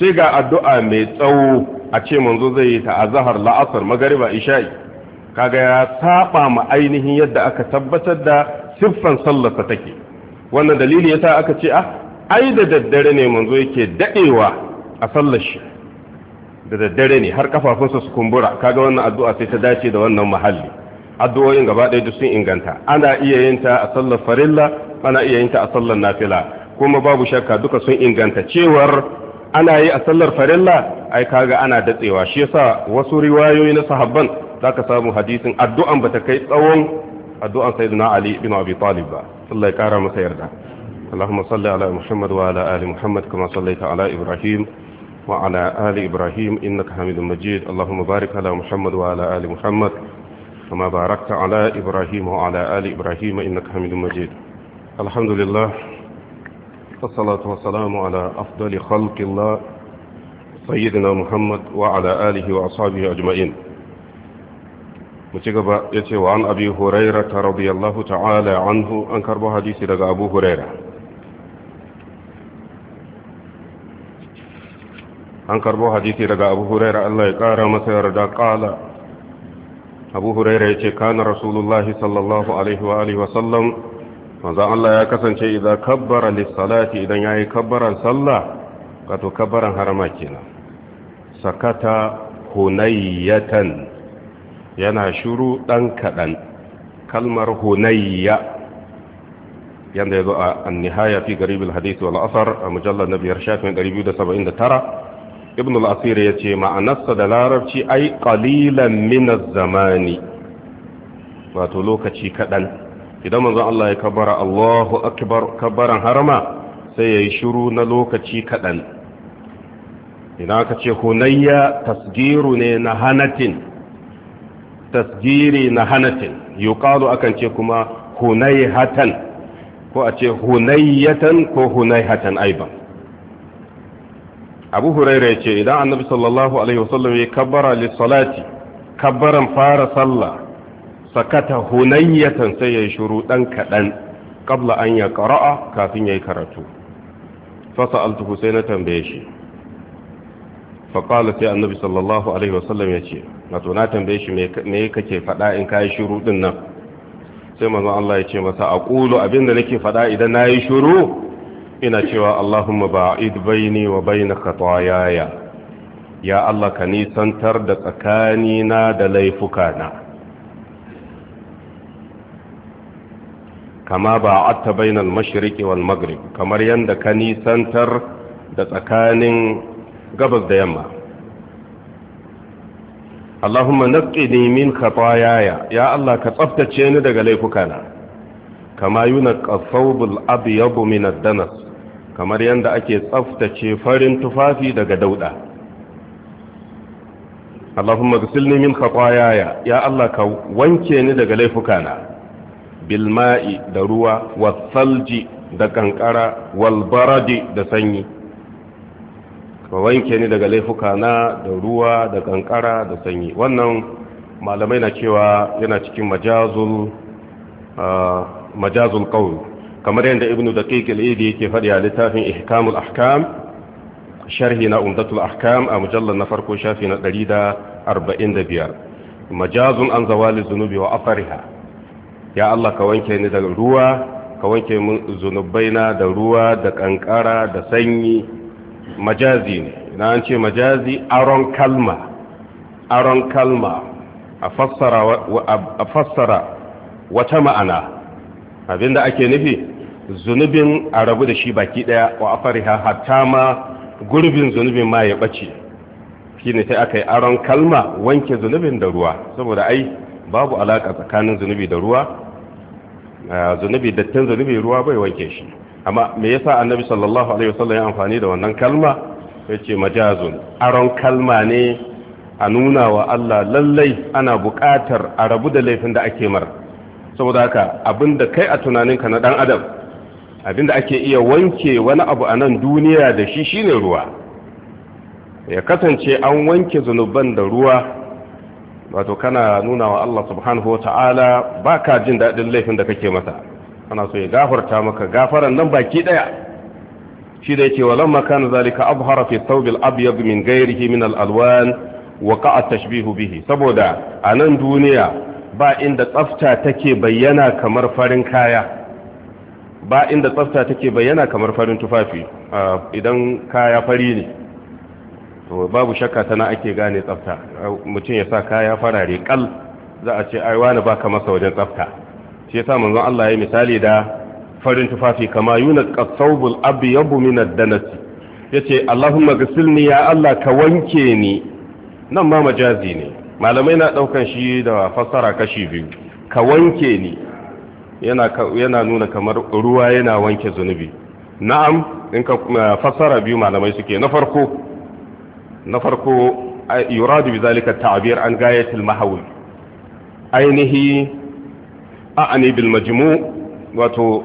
sai ga addu'a mai tsawo a ce manzo zai yi ta azhar la'asar magariba isha'i kaga ya saba ma ainihin yadda aka tabbatar da siffan sallar ta take wannan dalili yasa aka ce ah ai da daddare ne manzo yake dadewa a sallar shi da daddare ne har kafafunsa su kumbura kaga wannan addu'a sai ta dace da wannan muhalli addu'o'in gaba ɗaya duk sun inganta ana iya yin ta a sallar farilla ana iya yin ta a sallar nafila kuma babu shakka duka sun inganta cewar ana yi a sallar farilla ai kaga ana datsewa shi yasa wasu riwayoyi na sahabban zaka samu hadisin addu'an bata kai tsawon addu'an sayyidina ali ibn abi talib ba sallai kara masa yarda اللهم صل على محمد وعلى ali محمد كما صليت على ibrahim. وعلى آل إبراهيم إنك حميد مجيد اللهم بارك على محمد وعلى آل محمد كما باركت على إبراهيم وعلى آل إبراهيم إنك حميد مجيد الحمد لله والصلاة والسلام على أفضل خلق الله سيدنا محمد وعلى آله وأصحابه أجمعين متجب يتي وعن أبي هريرة رضي الله تعالى عنه أنكر بحديث لك أبو هريرة an karbo hadisi daga abu huraira Allah ya kara masa yarda kala abu huraira ya ce kana rasulullahi sallallahu alaihi wa alihi wasallam manzan Allah ya kasance idan kabbara lissalati idan ya yi kabbaran sallah kato kabbaran harama kenan sakata hunayyatan yana shuru dan kaɗan kalmar hunayya yadda ya zo a nihaya fi garibin hadisi wal asar a mujallar na biyar shafin 279 ibn al-asir ya ce ma'anarsa da larabci ai kalilan minas zamani wato lokaci kaɗan idan manzon Allah ya kabara Allahu akbar kabaran harama sai yayi shiru na lokaci kaɗan idan aka ce hunayya tasgiru ne na hanatin tasgiri na hanatin yuqalu akan ce kuma hunayhatan ko a ce hunayyatan ko hunaihatan aiban abu huraira ya ce idan annabi sallallahu alaihi wasallam ya kabbara li salati kabbaran fara sallah sakata hunayyatan sai ya shuru dan kadan qabla an ya qara'a kafin yayi karatu fa sa'altuhu sai na tambaye shi fa qala sai annabi sallallahu alaihi wasallam ya ce wato na tambaye shi me kake fada in kai shuru din nan sai manzon Allah ya ce masa aqulu abinda nake fada idan nayi shuru ina cewa Allahumma ba'id baini wa baina khataayaya ya Allah ka nisantar da tsakanina da laifukana kama ba'adta bainal mashriqi wal maghrib kamar yanda ka nisantar da tsakanin gabas da yamma Allahumma naqqini min khataayaya ya Allah ka tsaftace ni daga laifukana kama yunqa thawbul abyad min ad-danas kamar yadda ake tsaftace farin tufafi daga dauda Allahumma gsilni min khataayaya ya Allah ka wanke ni daga laifukana bil ma'i da ruwa wa thalji da kankara wal da sanyi ka wanke ni daga laifukana da ruwa da kankara da sanyi wannan malamai na cewa yana cikin majazul ah, majazul qawl kamar yadda ibn da al-idi yake faɗi a littafin ihkamul ahkam sharhi na umdatul ahkam a mujallar na farko shafi na 145 majazun an zawali zunubi wa afariha ya Allah ka wanke ni daga ruwa ka wanke mun na da ruwa da kankara da sanyi majazi ne na an ce majazi aron kalma aron kalma a fassara wata ma'ana abinda ake nufi zunubin a rabu da shi baki ɗaya wa afariha hatta ma gurbin zunubin ma ya bace shine sai aka yi aron kalma wanke zunubin da ruwa saboda ai babu alaka tsakanin zunubi da ruwa zunubi dattin zunubi ruwa bai wanke shi amma me yasa annabi sallallahu alaihi wasallam ya amfani da wannan kalma ya ce majazun aron kalma ne a nuna wa Allah lallai ana buƙatar a rabu da laifin da ake mara saboda haka abinda kai a tunaninka na dan adam abinda ake iya wanke wani abu a nan duniya da shi shine ruwa ya kasance an wanke zunuban da ruwa wato kana nuna wa Allah subhanahu wata'ala ba ka jin daɗin laifin da kake masa ana so ya gafarta maka gafaran nan baki ɗaya shi da yake walamma kana zalika abhara fi thawbil abyad min gairihi min al alwan wa qa'a tashbihu bihi saboda a nan duniya ba inda tsafta take bayyana kamar farin kaya ba inda tsafta take bayyana kamar farin tufafi idan kaya fari ne to babu shakka tana ake gane tsafta mutum ya sa kaya farare kal za a ce ai wani baka masa wajen tsafta shi yasa manzon Allah ya misali da farin tufafi kama yunus qasawbul abyabu min ad-danasi yace Allahumma ghsilni ya Allah ka wanke ni nan ma majazi ne malamai na daukan shi da fassara kashi biyu ka wanke ni yana nuna kamar ruwa yana wanke zunubi na'am in ka eh, fassara biyu malamai suke na farko na farko yuradu bizalika ta'bir an gayatil mahawi ainihi a'ani bil majmu wato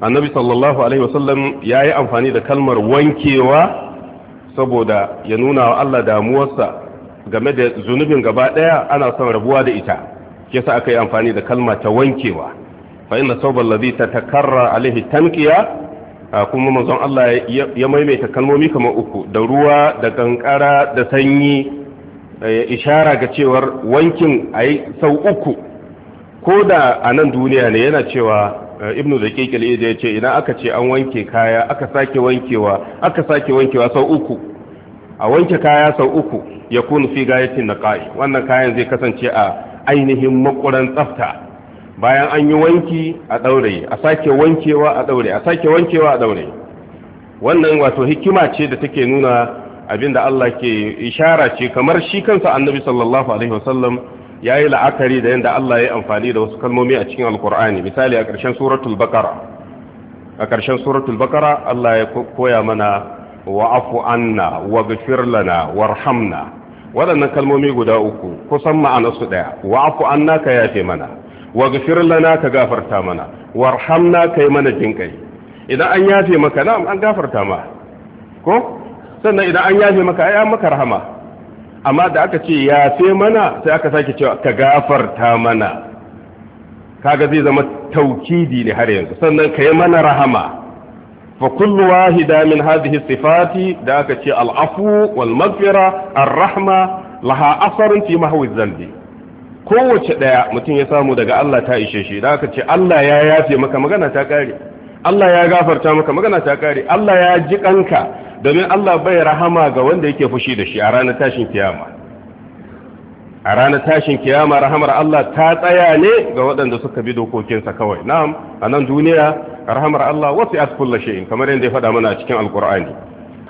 annabi sallallahu alaihi wasallam yayi amfani da kalmar wankewa saboda ya nuna wa Allah damuwarsa game da zunubin gaba daya ana son rabuwa da ita yasa aka yi amfani da kalma ta wankewa fa inna thawbal ladhi tatakarra alaihi tanqiya kuma manzon Allah ya maimaita kalmomi kamar uku da ruwa da kankara da sanyi ya ishara ga cewar wankin yi sau uku ko da a nan duniya ne yana cewa ibnu da kekele ya ce idan aka ce an wanke kaya aka sake wankewa aka sake wankewa sau uku a wanke kaya sau uku ya kunu fi gayatin na wannan kayan zai kasance a ainihin makuran tsafta bayan an yi wanki a ɗaure a sake wankewa a ɗaure a sake wankewa a ɗaure wannan wato hikima ce da take nuna abin da Allah ke ishara ce kamar shi kansa annabi sallallahu alaihi wasallam ya yi la'akari da yadda Allah ya yi amfani da wasu kalmomi a cikin alkur'ani misali a ƙarshen suratul bakara a ƙarshen suratul bakara Allah ya koya mana wa'afu anna waghfir lana warhamna waɗannan kalmomi guda uku kusan ma'anarsu ɗaya wa'afu anna ka yafe mana waghfir lana ka gafarta mana warhamna kai mana jinkai idan an yafe maka na, an gafarta ma ko sannan idan an yafe maka ai an maka rahama amma da aka ce yafe mana sai aka sake cewa ka gafarta mana kaga zai zama taukidi ne har yanzu sannan kai mana rahama fa kullu wahida min hadhihi sifati da aka ce al-afu wal maghfira ar-rahma laha asarun fi mahwi dhanbi kowace ɗaya mutum ya samu daga Allah ta ishe shi da aka ce Allah ya yafe maka magana ta ƙare Allah ya gafarta maka magana ta ƙare Allah ya ji ƙanka, domin Allah bai rahama ga wanda yake fushi da shi a ranar tashin kiyama a ranar tashin kiyama rahamar Allah ta tsaya ne ga waɗanda suka bi dokokinsa kawai na'am a nan duniya rahamar Allah wasu ya kullu kamar yadda ya faɗa mana a cikin Alƙur'ani.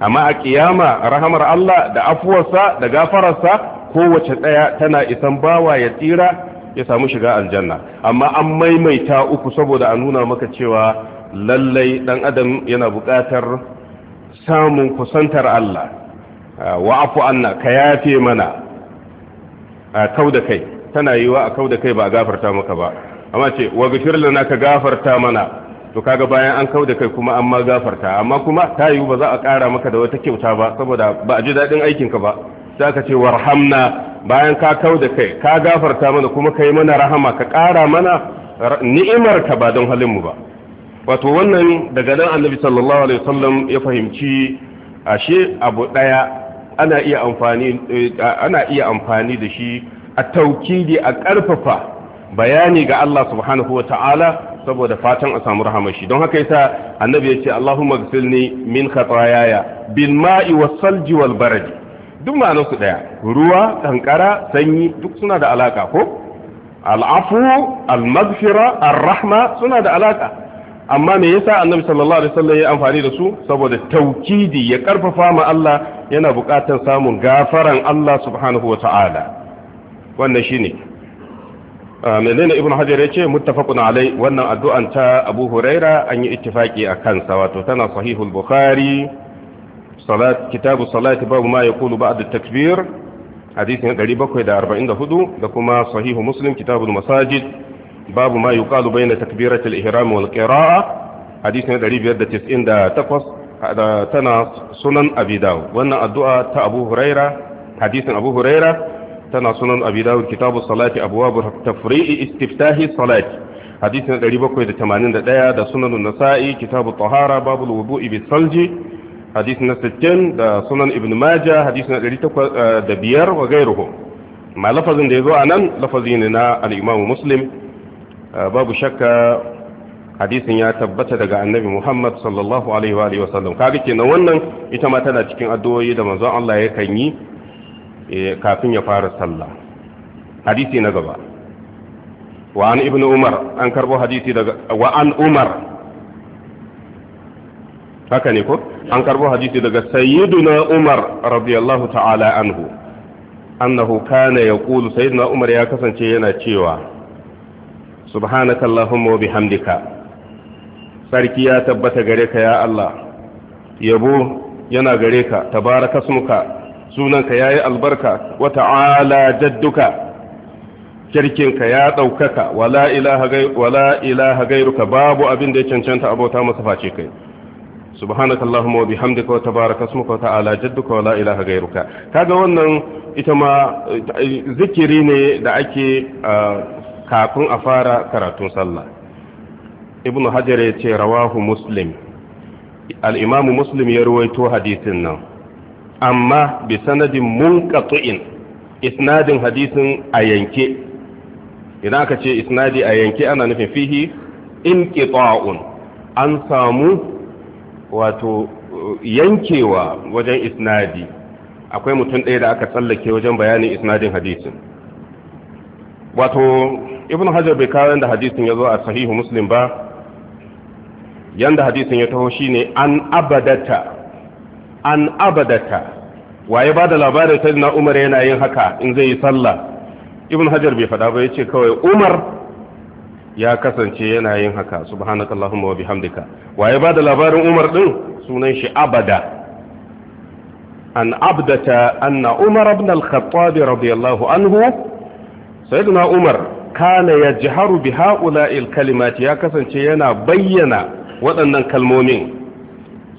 amma a kiyama rahamar Allah da afuwarsa da gafararsa kowace ɗaya tana isan bawa ya tsira ya samu shiga aljanna amma an maimaita uku saboda a nuna maka cewa lallai ɗan adam yana buƙatar samun kusantar Allah wa afu anna ka yafe mana a kau da kai tana yi wa a kau da kai ba a gafarta maka ba amma ce wa gafir lana ka gafarta mana to kaga bayan an kau da kai kuma an ma gafarta amma kuma ta yiwu ba za a ƙara maka da wata kyauta ba saboda ba a ji daɗin aikinka ba sai aka ce warhamna bayan ka kau da kai ka gafarta mana kuma ka yi mana rahama ka ƙara mana ni'imarka ba don mu ba wato wannan daga nan annabi sallallahu alaihi wasallam ya fahimci ashe abu ɗaya ana iya amfani eh, ana iya amfani da shi a taukidi a ƙarfafa bayani ga Allah subhanahu wa ta'ala saboda fatan a samu rahama shi don haka yasa annabi ya ce Allahumma ghfirni min khataayaya bil ma'i was salji wal baradi duk ma'anar su ɗaya ruwa kankara sanyi duk suna da alaka ko al'afu al-maghfira ar-rahma suna da alaƙa. amma me yasa annabi sallallahu alaihi wasallam ya amfani da su saboda taukidi ya karfafa ma Allah yana buƙatar samun gafaran Allah subhanahu wa ta'ala wannan shine ah, menene ibnu hajar yace muttafaqun alai wannan addu'an ta abu huraira an yi ittifaki akan sa wato tana sahihul bukhari salat kitabu salati babu ma yaqulu ba'da takbir hadisi na 744 da kuma sahihu muslim kitabul masajid babu ma yuqalu bayna takbiratil ihram wal qira'a hadisi na 598 tana sunan abi wannan addu'a ta abu huraira hadisin abu huraira tana sunan abi kitabu salati abwabur tafri'i istiftahi salati hadisi na 781 da sunan nasa'i kitabu tahara babul wudu'i bisalji hadisi na 60 da sunan ibn maja hadisi na biyar wa gairuhu ma lafazin da ya zo a nan lafazi ne na al'imamu muslim babu shakka hadisin ya tabbata daga annabi muhammad sallallahu alaihi wa alihi wasallam kaga kenan wannan ita ma tana cikin addu'o'i da manzon Allah ya kan yi kafin ya fara sallah hadisi na gaba wa an umar an karbo hadisi daga wa umar haka ne ko an karbo hadisi daga sayyiduna umar radiyallahu ta'ala anhu annahu kana yaqulu sayyiduna umar ya kasance yana cewa subhanaka allahumma bihamdika sarki ya tabbata gare ka ya Allah yabo yana gare ka tabaraka sunka sunanka yayi albarka wa ta'ala jadduka kirkinka ya ɗaukaka wala ilaha gairuka babu abin da ya cancanta abota masu face kai subhanaka allahumma wa bihamdika wa tabaraka ismuka wa ta'ala jadduka wa la ilaha ghayruka kaga wannan ita ma zikiri ne da ake kafin a fara karatun sallah ibnu hajar yace ce rawahu muslim al-imam muslim ya ruwaito hadisin nan amma bi sanadin munqati'in isnadin hadisin a yanke idan aka ce isnadi a yanke ana nufin fihi inqita'un an samu wato yankewa wajen isnadi akwai mutum ɗaya da aka tsallake wajen bayanin isnadin hadisin wato ibn hajar bai kawo yadda hadisin ya zo a sahihu muslim ba yadda hadisin ya taho shi ne an abadata an abadata waye ba da labarin sai na umar yana yin haka in zai yi sallah ibn hajar bai faɗa ba ya ce kawai umar ya kasance yana yin haka subhanakallahumma wa bihamdika waye ba da labarin umar din sunan shi abada an abdata anna umar ibn al-khattab radiyallahu anhu sayyidina umar kana yajharu bi ha'ula'il kalimat ya kasance yana bayyana waɗannan kalmomin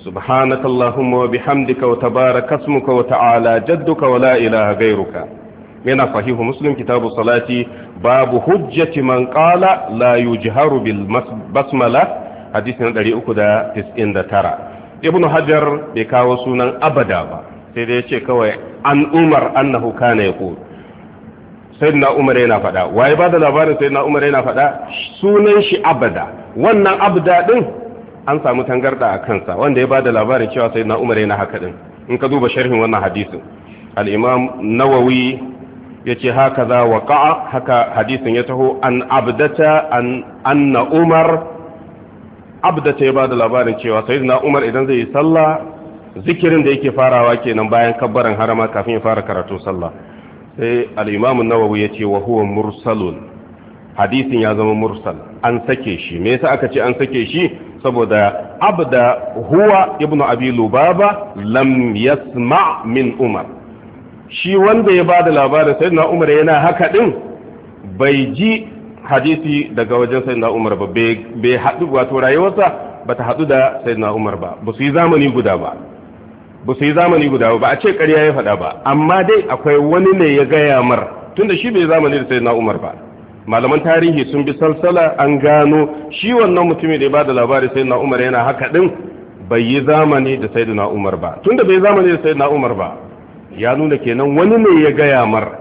subhanakallahumma wa bihamdika wa tabarakasmuka wa ta'ala jadduka wa la ilaha ghayruka yana sahihu muslim kitabu salati babu hujjati man qala la yujharu bil basmala hadisi na 399 ibnu hajar bai kawo sunan abada ba sai dai yace kawai an umar annahu kana yaqul sayyidina umar yana fada waye ba da labarin sayyidina umar yana fada sunan shi abada wannan abada din an samu tangarda a kansa wanda ya ba da labarin cewa sayyidina umar yana haka din in ka duba sharhin wannan hadisin al-imam nawawi ya ce haka za waqa'a haka hadisin ya taho an abdata an anna umar abdata ya bada labarin cewa na umar idan zai yi sallah zikirin da yake farawa kenan bayan kabbaran harama kafin ya fara karatu sallah sai al-imam ya ce yace wa huwa mursalun hadisin ya zama mursal an sake shi me yasa aka ce an sake shi saboda abda huwa ibnu abi lubaba lam yasma min umar shi wanda ya bada labarin sai na umar yana haka din bai ji hadisi daga wajen sai na umar ba bai haɗu wato rayuwarsa ba ta haɗu da sai na umar ba ba su yi zamani guda ba ba su yi zamani guda ba a ce ƙarya ya faɗa ba amma dai akwai wani ne ya gaya mar tunda shi bai zamani da sai na umar ba malaman tarihi sun bi salsala an gano shi wannan mutumin da ya bada sai na umar yana haka din bai yi zamani da sai na umar ba tunda bai zamani da sai na umar ba ya nuna kenan wani ne ya gaya mar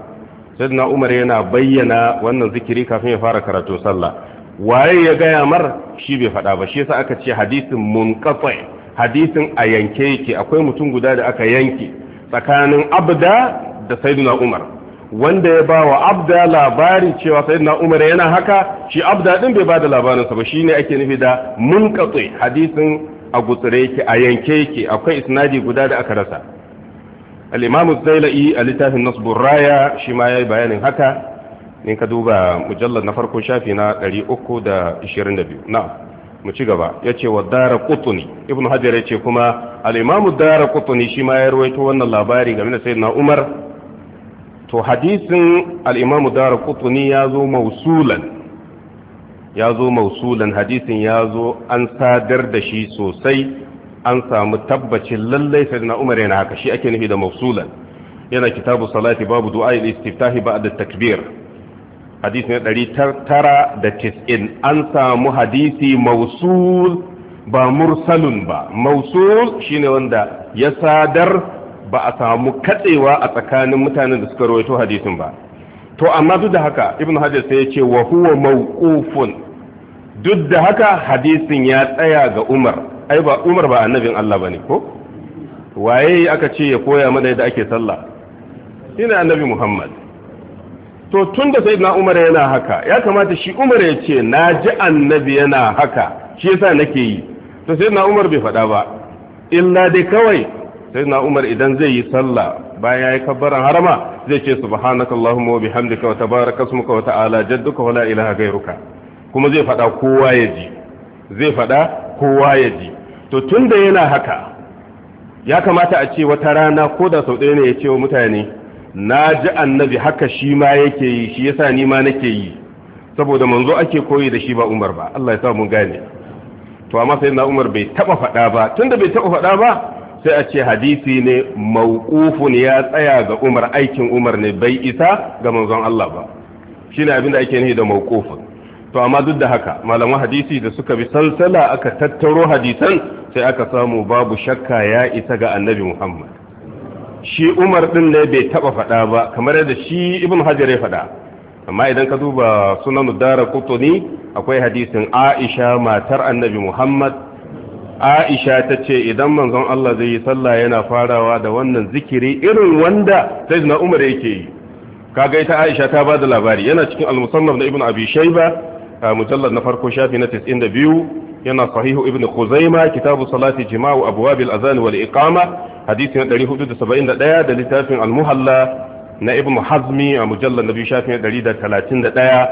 na umar yana bayyana wannan zikiri kafin ya fara karatu sallah waye ya gaya mar shi bai faɗa ba shi yasa aka ce hadisin munqati hadisin a yanke yake akwai mutum guda da aka yanke tsakanin abda da sayyidina umar wanda ya bawa abda labari cewa sayyidina umar yana haka shi abda din bai bada da sa ba shine ake nufi da munqati hadisin a gutsure yake a yanke yake akwai isnadi guda da aka rasa al'imamu zaila'i a littafin nasbun raya ya yi bayanin haka in ka mujallar na farko shafi na na mu ci gaba ya ce wa dara kutuni ibn hajar ya ce kuma al'imamu dara kutuni shi ma ya rawaito wannan labari game da sai na umar to hadisin al'imamu dara kutuni ya zo mausulan ya zo mausulan hadisin ya zo an sadar da shi sosai an samu tabbacin lallai sayyidina umar yana haka shi ake nufi da mafsulan yana kitabu salati babu du'a istiftahi ba'da takbir hadisi na 990 an samu hadisi mausul ba mursalun ba mausul shine wanda ya sadar ba a samu katsewa a tsakanin mutanen da suka rawaito hadisin ba to amma duk da haka ibnu hajar sai ya ce wa huwa mawqufun duk da haka hadisin ya tsaya ga umar ai ba umar ba annabin Allah bane ko waye aka ce ya koya mana yadda ake sallah shine annabi Muhammad to tunda sayyidina umar yana haka ya kamata shi umar ya ce na ji annabi yana haka shi yasa nake yi to sayyidina umar bai faɗa ba illa dai kawai sayyidina umar idan zai yi sallah bayan yayi kabbaran harama zai ce subhanakallahumma wa bihamdika wa tabaraka ismuka wa ta'ala jadduka wa la ilaha ghayruka kuma zai faɗa kowa ya ji zai faɗa kowa ya ji to tun da yana haka ya kamata a ce wata rana ko da sau ɗaya ne ya ce wa mutane na ji annabi haka shi ma yake yi shi yasa ni ma nake yi saboda manzo ake koyi da shi ba umar ba Allah ya sa mun gane to amma sai na umar bai taba faɗa ba tunda bai taba faɗa ba sai a ce hadisi ne mauqufun ya tsaya ga umar aikin umar ne bai isa ga manzon Allah ba shine abin da ake nufi da mauqufun to amma duk da haka malaman hadisi da suka bi salsala aka tattaro hadisan sai aka samu babu shakka ya isa ga annabi muhammad shi umar din ne bai taba faɗa ba kamar yadda shi ibn hajar ya faɗa amma idan ka duba sunan dara kutuni akwai hadisin aisha matar annabi muhammad aisha ta ce idan manzon allah zai yi sallah yana farawa da wannan zikiri irin wanda sai na umar yake yi kaga ita aisha ta ba da labari yana cikin almus'annaf na ibn abi shaiba mujallar na farko shafi na 92 yana sahihu ibn khuzaima kitabu salati jima'u abwabil azani wal iqama hadisi na 471 da littafin almuhalla na ibn hazmi a mujallar na biyu shafi na 131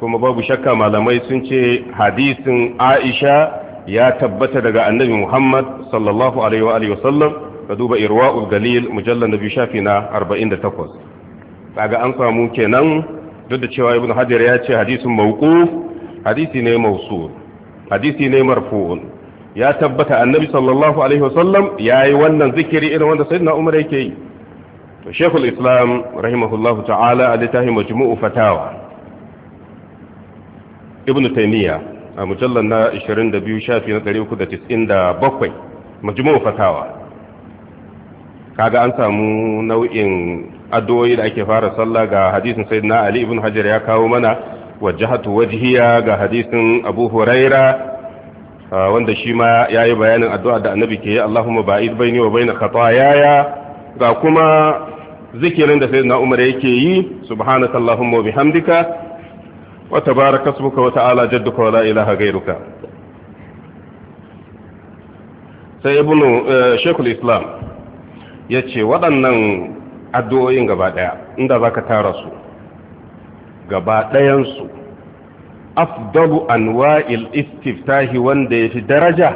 kuma babu shakka malamai sun ce hadisin aisha ya tabbata daga annabi muhammad sallallahu alaihi wa alihi wasallam ka duba irwa'ul galil mujallar na biyu shafi na 48 an kenan duk da cewa ibn hajar ya ce hadisin mawquf hadisi ne mausul hadisi ne marfu'un ya tabbata annabi sallallahu alaihi wasallam yayi wannan zikiri irin wanda sayyidina umar yake yi to shekul islam rahimahullahu ta'ala a littafin majmu'u fatawa ibn taymiya a mujallar na 22 shafi na 397 majmu'u fatawa kaga an samu nau'in addu'o'i da ake fara sallah ga hadisin sayyidina ali ibn hajar ya kawo mana wajahatu wajhiya ga hadisin abu huraira wanda shi ma ya yi bayanin addu'a da annabi ke yi Allahumma ba'id baini wa baina yaya. ga kuma zikirin da sayyidina Umar yake yi subhanaka Allahumma wa bihamdika wa tabaraka ismuka wa ta'ala jadduka wa la ilaha ghayruka sai ibnu Sheikhul Islam ce waɗannan addu'o'in gaba ɗaya inda zaka tara su gaba ɗayansu afdalu anwa'il istiftahi wanda ya fi daraja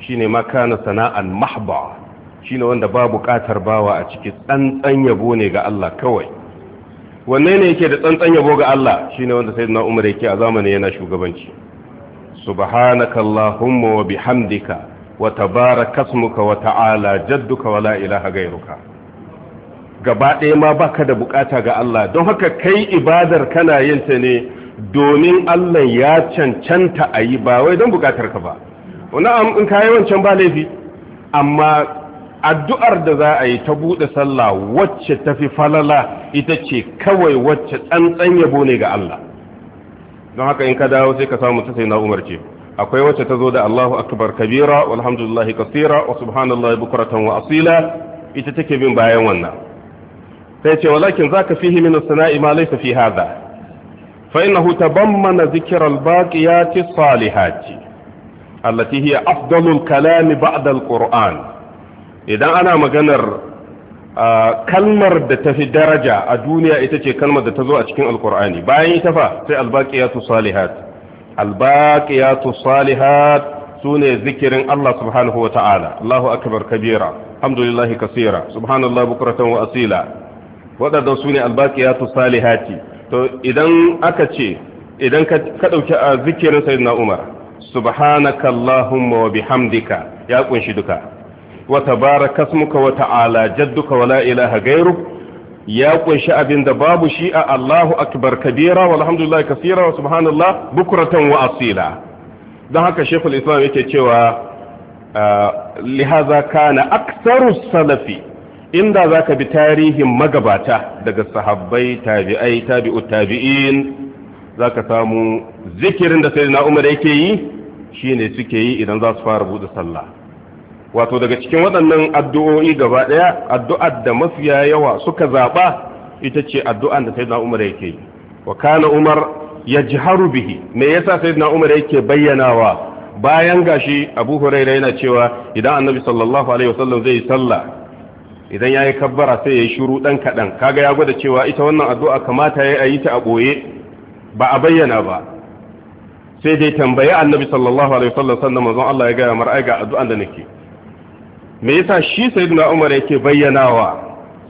shine makana sana'an mahba shi ne wanda ba buƙatar bawa a ciki tsantsan yabo ne ga Allah kawai wanne ne yake da tsantsan yabo ga Allah shi ne wanda sayyidina Umar yake a zamanin yana shugabanci subhanakallahumma wa bihamdika wa tabarakasmuka wa ta'ala jadduka wa la ilaha gairuka gaba ɗaya ma baka da bukata ga Allah don haka kai ibadar kana yin ta ne domin Allah ya cancanta a yi ba wai don bukatar ka ba wani in ka wancan ba laifi amma addu'ar da za a yi ta buɗe sallah wacce ta fi falala ita ce kawai wacce tsantsan yabo ne ga Allah don haka in ka dawo sai ka samu ta sai na umar ce akwai wacce ta zo da Allahu akbar kabira walhamdulillahi kasira wa subhanallahi bukratan wa asila ita take bin bayan wannan sai ce walakin zaka fihi min as-sana'i ma laysa fi hadha fa innahu tabammana dhikra al salihati allati hiya afdalul kalami ba'da al idan ana maganar kalmar da ta fi daraja a duniya ita ce kalmar da ta zo a cikin alkur'ani bayan ita fa sai albaqiyatu salihat albaqiyatu salihat sune zikirin Allah subhanahu ta'ala Allahu akbar kabira alhamdulillah kaseera subhanallahi bukratan wa asila waɗannan su ne albaqiyatu salihati to idan aka ce idan ka ɗauki a zikirin sayyidina umar subhanaka allahumma wa bihamdika ya kunshi duka wa tabarakasmuka wa ta'ala jadduka wa la ilaha gairuk ya kunshi abinda babu shi a Allahu akbar kabira walhamdulillah kasira wa subhanallah bukratan wa asila don haka shekul islam yake cewa ah, lihaza kana aksaru salafi inda za ka bi tarihin magabata daga sahabbai tabi'ai tabi'ut tabi'in za ka samu zikirin da sai na umar yake yi shi ne suke yi idan za su fara buɗe sallah wato daga cikin waɗannan addu'o'i gaba ɗaya addu'ar da mafiya yawa suka zaɓa ita ce addu'ar da sai na umar yake yi wa kana umar ya jiharu bihi me yasa sai na umar yake bayyanawa bayan gashi abu huraira yana cewa idan annabi sallallahu alaihi wasallam zai yi sallah idan ya yi kabbara sai ya yi shuru ɗan kaɗan kaga ya gwada cewa ita wannan addu'a kamata ya yi ta a ɓoye ba a bayyana ba sai dai tambaye annabi sallallahu alaihi wasallam sannan mazan Allah ya gaya mar'ai ga addu'an da nake me yasa shi sayyidina Umar yake bayyanawa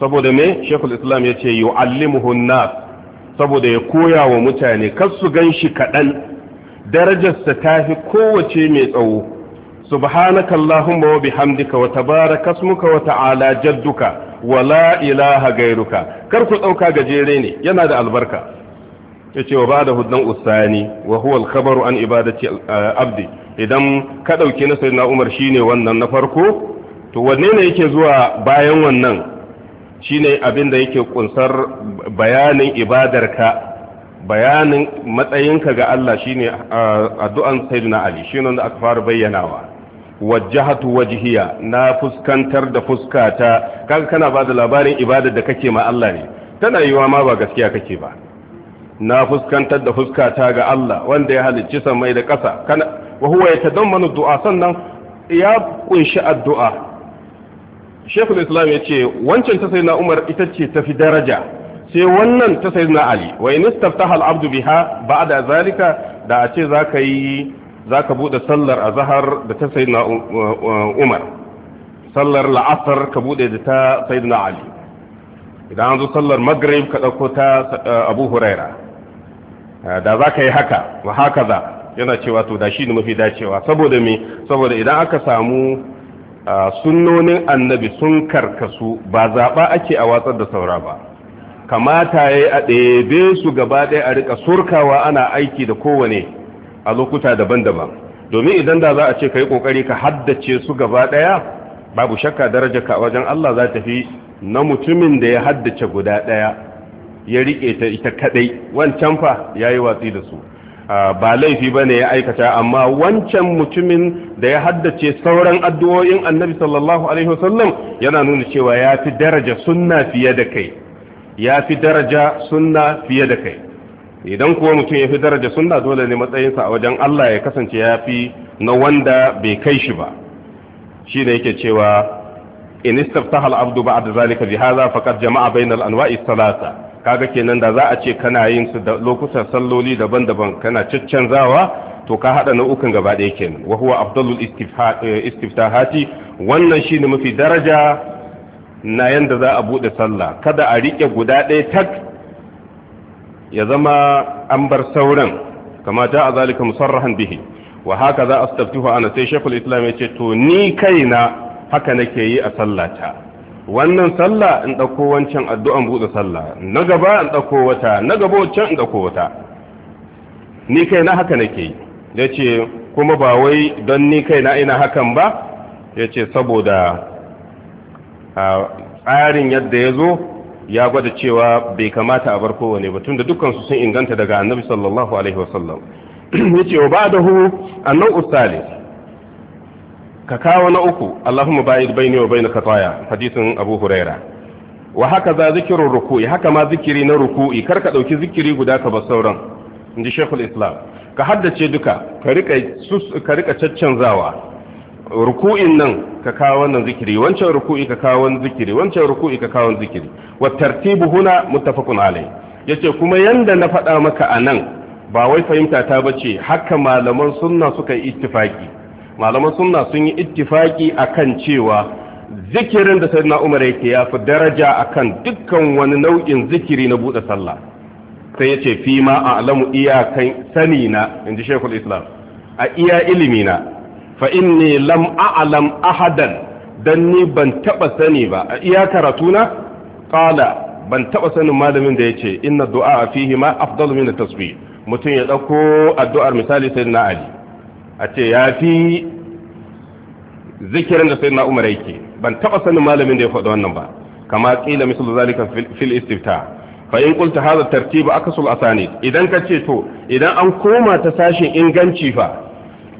saboda me shekul Islam ce yu'allimuhu nas saboda ya koya wa mutane kar su shi kaɗan darajarsa ta fi kowace mai tsawo subhanaka allahumma wa bihamdika wa tabarakasmuka wa ta'ala jadduka wa ilaha gairuka kar ku dauka gajere ne yana da albarka yace wa ba'da hudan usani wa huwa al-khabaru an ibadati abdi idan ka dauke na sayyidina umar shine wannan na farko to wanne ne yake zuwa bayan wannan shine abin da yake kunsar bayanin ibadarka bayanin matsayinka ga Allah shine addu'an sayyidina Ali shine wanda aka fara bayyanawa wajjahatu wajhiya na fuskantar da fuskata kaga kana ba da labarin ibadar da kake ma Allah ne tana yiwa ma ba gaskiya kake ba na fuskantar da fuskata ga Allah wanda ya halicci samai da ƙasa kana wa huwa yatadammanu du'a sannan ya kunshi addu'a Sheikhul Islam ce wancan ta sayyidina Umar ita ce tafi daraja sai wannan ta sayyidina Ali wa in istaftaha al-abdu biha ba'da zalika da a ce zaka yi za ka buɗe sallar a zahar da ta sai na umar sallar la'asar ka buɗe da ta sai na ali idan an zo sallar magrib ka ɗauko ta eh, abu huraira eh, da za ka yi haka wa haka za yana cewa to da shi ne mafi dacewa saboda me saboda idan aka samu eh, sunnonin annabi sun karkasu ba zaɓa ake a watsar da saura ba kamata ya yi a ɗebe su gaba ɗaya a rika surkawa ana aiki da kowane a lokuta daban-daban domin idan da za a ce ka yi ƙoƙari ka haddace su gaba ɗaya babu shakka daraja ka wajen Allah za ta fi na mutumin da ya haddace guda ɗaya ya riƙe ta ita kaɗai wancan fa ya yi watsi da su ba laifi ba ne ya aikata amma wancan mutumin da ya haddace sauran addu'o'in annabi sallallahu alaihi wasallam yana nuna cewa ya fi daraja sunna fiye da kai ya fi daraja sunna fiye da kai idan kuwa mutum ya fi daraja sunna dole ne matsayinsa a wajen Allah ya kasance ya fi na wanda bai kai shi ba shi ne yake cewa in istaftaha al-abdu ba'da zalika bi hadha faqad jama'a bayna al-anwa'i thalatha kaga kenan da za a ce kana yin su da lokutan salloli daban-daban kana ciccanzawa to ka hada nau'ukan gaba ɗaya kenan wa huwa afdalul eh, istiftahati wannan shine mafi daraja na yanda za a bude sallah kada a rike guda ɗaya tak ya zama an bar sauran kama ja a zalika musarrahan bihi wa haka za a astaftihu ana sai shekul islam ya ce to ni kaina haka nake yi a sallata wannan sallah in ɗauko wancan addu'an buɗe sallah na gaba in ɗauko wata na gaba wancan in ɗauko wata ni kaina haka nake yi ya ce kuma ba wai don ni kaina ina hakan ba ya ce saboda tsarin yadda ya zo ya gwada cewa bai kamata a bar kowane ba tunda dukkan su sun inganta daga annabi sallallahu alaihi wasallam ce wa a annau salis ka kawo na uku allahumma ba'id ne wa baina khataya hadisin abu huraira wa haka za zikirin ruku'i haka ma zikiri na ruku'i kar ka ɗauki zikiri guda ka bar sauran ji shekul islam ka haddace duka ka rika zawa. ruku'in nan ka kawo wannan zikiri wancan ruku'i ka kawo wannan zikiri wancan ruku'i ka kawo wannan zikiri wa tartibu huna muttafaqun alai yace kuma yanda na faɗa maka anan ba wai fahimta ta bace haka malaman sunna suka yi ittifaki malaman sunna sun yi ittifaki akan cewa zikirin da sayyidina Umar yake ya fi daraja akan dukkan wani nau'in zikiri na buɗe sallah sai yace fi ma a'lamu iyakan sani na inji Sheikhul Islam a iya ilimi na fa inni lam a'lam ahadan dan ni ban taba sani ba a iya karatuna qala ban taba sanin malamin da yace inna du'a fihi ma afdalu min at-tasbih mutum ya dauko addu'ar misali sayyidina ali a ce ya fi zikirin da sayyidina umar yake ban taba sanin malamin da ya faɗa wannan ba kama qila mislu zalika fil istifta fa in qulta hadha tartib akasul idan ka ce to idan an koma ta sashin inganci fa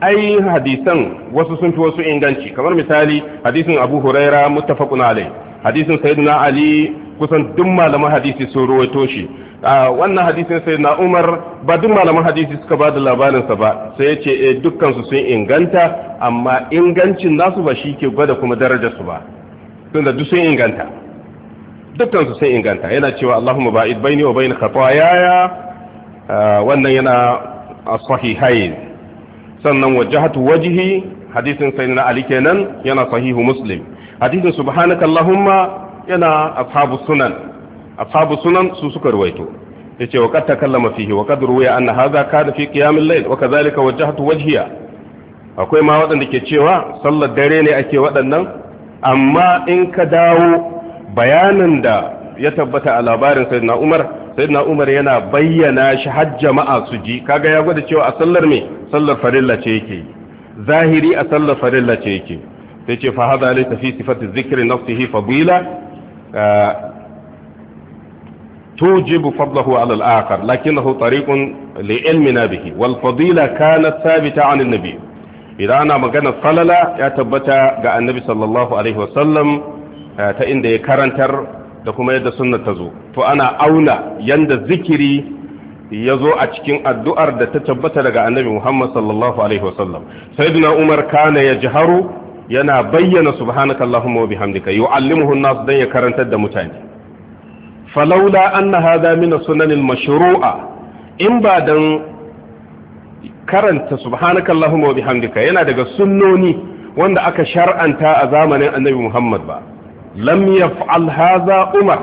ai hadisan wasu sun fi wasu inganci kamar misali hadisin abu huraira muttafaqun alai hadisin sayyidina ali kusan duk malaman hadisi sun ruwaito shi wannan hadisin sayyidina umar ba duk malaman hadisi suka ba da labarin sa ba sai ya ce eh dukkan su sun inganta amma ingancin nasu ba shi ke gwada kuma darajar su ba da duk sun inganta dukkan su sun inganta yana cewa Allahumma ba'id baini wa bain khataaya wannan yana as-sahihain sannan wajhatu wajihi hadisin sayyidina ali kenan yana sahihu muslim hadisin subhanaka allahumma yana ashabu sunan ashabu sunan su suka ruwaito yace wa qad takallama fihi wa qad ruwiya anna hadha kana fi qiyam al-layl wa kadhalika wajhiya akwai ma waɗanda ke cewa sallar dare ne ake waɗannan amma in ka dawo bayanin da ya tabbata a labarin sayyidina umar sayyidina umar yana bayyana shi har jama'a su ji kaga ya gwada cewa a sallar me sallar farilla ce zahiri a sallar farilla ce yake sai ce fa hadha laysa fi sifati dhikri nafsihi fadila توجب فضله على الآخر لكنه طريق لعلمنا به والفضيلة كانت ثابتة عن النبي إذا أنا مجانا صللا يتبتا قال النبي صلى الله عليه وسلم تإن دي كارنتر da kuma yadda sunna ta zo to ana auna yanda zikiri ya zo a cikin addu'ar da ta tabbata daga annabi Muhammad sallallahu alaihi wasallam sayyidina Umar kana jiharu yana bayyana subhanaka allahumma wa bihamdika yu'allimuhu an-nas dan ya karantar da mutane falaula anna hadha min as mashrua in ba dan karanta subhanaka allahumma wa bihamdika yana daga sunnoni wanda aka shar'anta a zamanin annabi Muhammad ba lam yaf'al hadha umar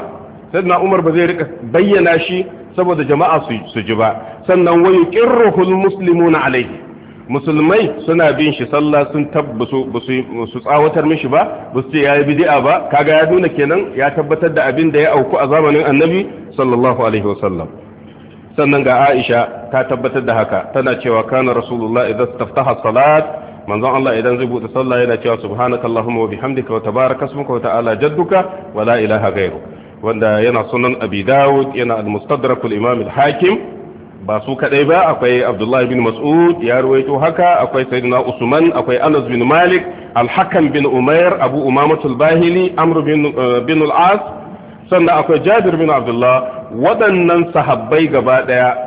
sayyidina umar ba zai rika bayyana shi saboda jama'a su ji ba sannan wayu qirruhul muslimuna alayhi musulmai suna bin shi sallah sun tabbasu su tsawatar mishi ba ba su ce yayi bid'a ba kaga ya nuna kenan ya tabbatar da abin da ya auku a zamanin annabi sallallahu alaihi wasallam sannan ga Aisha ta tabbatar da haka tana cewa kana rasulullah idza taftaha salat manzon Allah idan zai bude sallah yana cewa subhanakallahumma wa bihamdika wa tabaraka ismuka wa ta'ala jadduka wa la ilaha ghairu wanda yana sunan abi dawud yana al-mustadrak al-imam al-hakim ba su kadai ba akwai abdullahi bin mas'ud ya ruwaito haka akwai sayyidina usman akwai anas bin malik al-hakam bin umair abu umamatul bahili amr bin uh, bin al-as sannan akwai jabir bin abdullah waɗannan sahabbai gaba daya